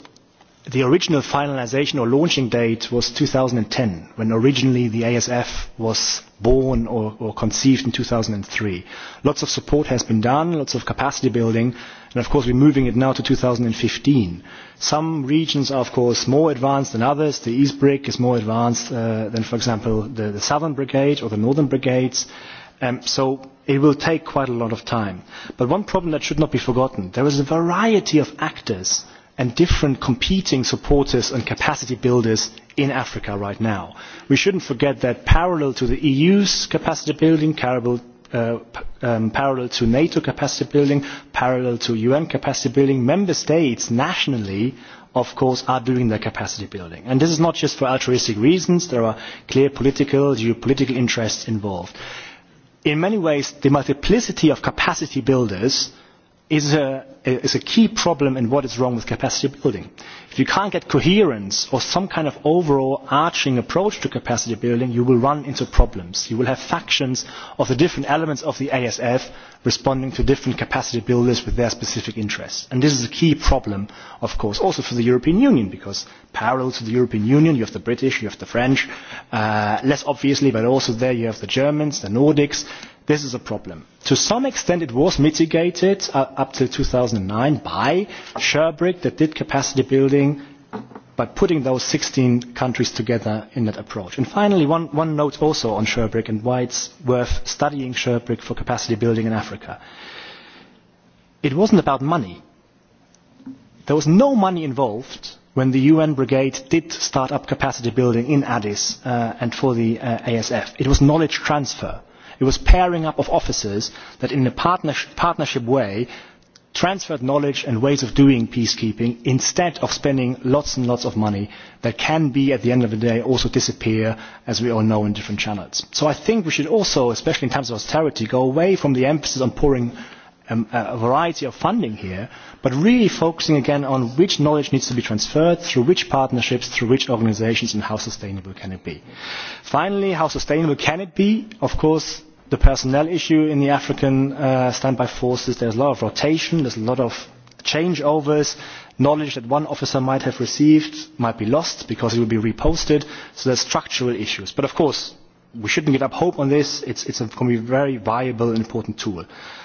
the original finalisation or launching date was ten, when originally the ASF was born or, or conceived in two thousand three. Lots of support has been done, lots of capacity building, and of course we're moving it now to fifteen. Some regions are of course more advanced than others. The East Brick is more advanced uh, than, for example, the, the Southern Brigade or the Northern Brigades. Um, so it will take quite a lot of time. But one problem that should not be forgotten, there is a variety of actors – and different competing supporters and capacity builders in Africa right now. We shouldn't forget that parallel to the EU's capacity building, parallel, uh, um, parallel to NATO capacity building, parallel to UN capacity building, member states nationally of course are doing their capacity building. And this is not just for altruistic reasons, there are clear political, geopolitical interests involved. In many ways, the multiplicity of capacity builders is a, is a key problem in what is wrong with capacity building. If you can't get coherence or some kind of overall arching approach to capacity building, you will run into problems. You will have factions of the different elements of the ASF responding to different capacity builders with their specific interests. And this is a key problem, of course, also for the European Union, because parallel to the European Union, you have the British, you have the French, uh, less obviously, but also there you have the Germans, the Nordics, This is a problem. To some extent, it was mitigated uh, up till 2009 by Sherbrick that did capacity building by putting those 16 countries together in that approach. And finally, one, one note also on Sherbrick and why it's worth studying Sherbrick for capacity building in Africa. It wasn't about money. There was no money involved when the UN brigade did start up capacity building in Addis uh, and for the uh, ASF. It was knowledge transfer It was pairing up of officers that in a partnership way transferred knowledge and ways of doing peacekeeping instead of spending lots and lots of money that can be at the end of the day also disappear as we all know in different channels. So I think we should also, especially in terms of austerity, go away from the emphasis on pouring um, a variety of funding here, but really focusing again on which knowledge needs to be transferred, through which partnerships, through which organisations and how sustainable can it be. Finally, how sustainable can it be? Of course, the personnel issue in the African uh, standby forces. There's a lot of rotation, there's a lot of changeovers. Knowledge that one officer might have received might be lost because it will be reposted. So there's structural issues. But of course, we shouldn't give up hope on this. It's, it's going to be a very viable and important tool.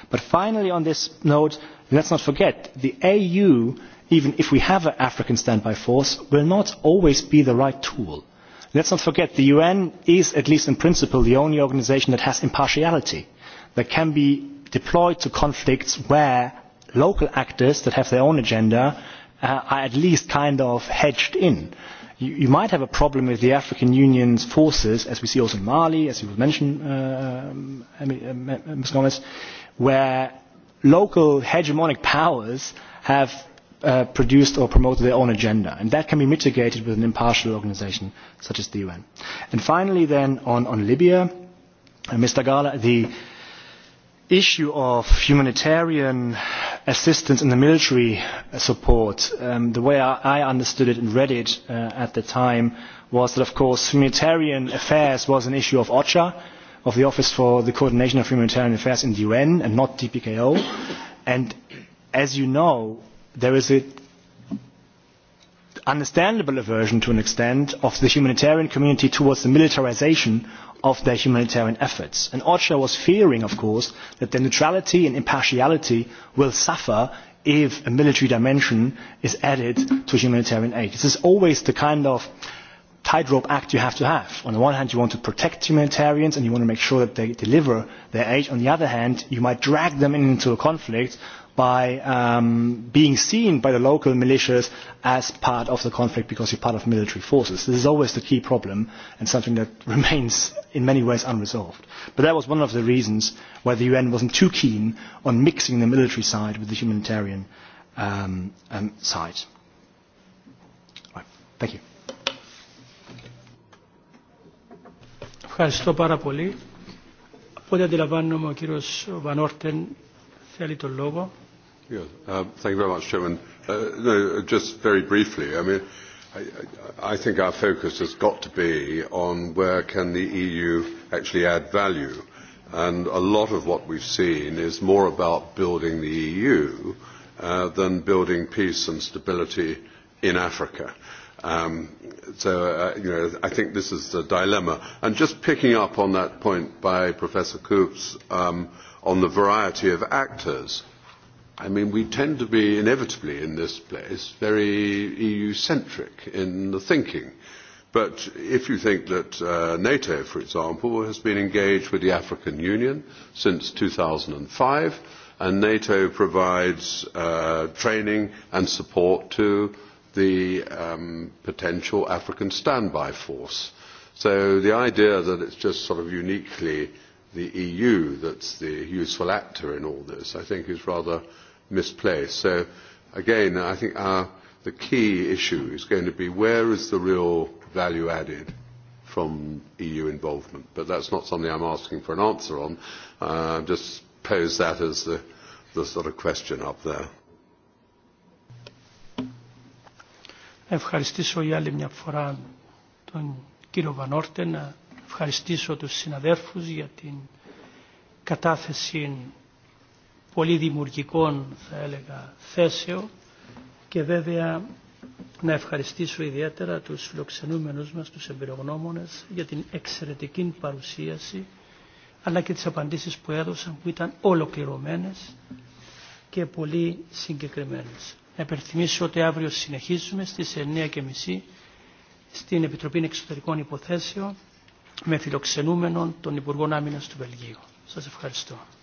But finally, on this note, let's not forget the AU, even if we have an African standby force, will not always be the right tool Let's not forget the UN is, at least in principle, the only organisation that has impartiality, that can be deployed to conflicts where local actors that have their own agenda uh, are at least kind of hedged in. You, you might have a problem with the African Union's forces, as we see also in Mali, as you mentioned, uh, um, uh, Ms. gomes where local hegemonic powers have uh, produced or promoted their own agenda. And that can be mitigated with an impartial organisation such as the UN. And finally then on, on Libya, uh, Mr. Gala, the issue of humanitarian assistance and the military uh, support, um, the way I, I understood it and read it uh, at the time was that, of course, humanitarian affairs was an issue of OCHA, of the Office for the Coordination of Humanitarian Affairs in the UN, and not DPKO. And as you know, there is an understandable aversion to an extent of the humanitarian community towards the militarisation of their humanitarian efforts. And Ocha was fearing, of course, that their neutrality and impartiality will suffer if a military dimension is added to humanitarian aid. This is always the kind of tightrope act you have to have. On the one hand, you want to protect humanitarians and you want to make sure that they deliver their aid. On the other hand, you might drag them into a conflict by um, being seen by the local militias as part of the conflict because you're part of military forces. This is always the key problem and something that remains in many ways unresolved. But that was one of the reasons why the UN wasn't too keen on mixing the military side with the humanitarian um, um, side. Right. Thank you. Ευχαριστώ πάρα πολύ. αντιλαμβάνομαι ο κύριος Βανόρτεν θέλει τον λόγο. Um, thank you very much, Chairman. Uh, no, just very briefly, I mean, I, I think our focus has got to be on where can the EU actually add value. And a lot of what we've seen is more about building the EU uh, than building peace and stability in Africa. Um, so, uh, you know, I think this is the dilemma. And just picking up on that point by Professor Koops um, on the variety of actors – i mean, we tend to be inevitably in this place very EU-centric in the thinking. But if you think that uh, NATO, for example, has been engaged with the African Union since 2005, and NATO provides uh, training and support to the um, potential African standby force. So the idea that it's just sort of uniquely the EU that's the useful actor in all this, I think, is rather misplaced. So again, I think our, the key issue is going to be where is the real value added from EU involvement? But that's not something I'm asking for an answer on. Uh, just pose that as the, the sort of question up there. Ευχαριστήσω για άλλη μια φορά τον κύριο Βανόρτε να ευχαριστήσω τους συναδέρφους για την κατάθεση πολύ δημιουργικών θα έλεγα θέσεων και βέβαια να ευχαριστήσω ιδιαίτερα τους φιλοξενούμενους μας, τους εμπειρογνώμονες για την εξαιρετική παρουσίαση αλλά και τις απαντήσεις που έδωσαν που ήταν ολοκληρωμένες και πολύ συγκεκριμένες. Να υπενθυμίσω ότι αύριο συνεχίζουμε στις 9.30 στην Επιτροπή Εξωτερικών Υποθέσεων με φιλοξενούμενον των υπουργών Άμυνας του Βελγίου. Σας ευχαριστώ.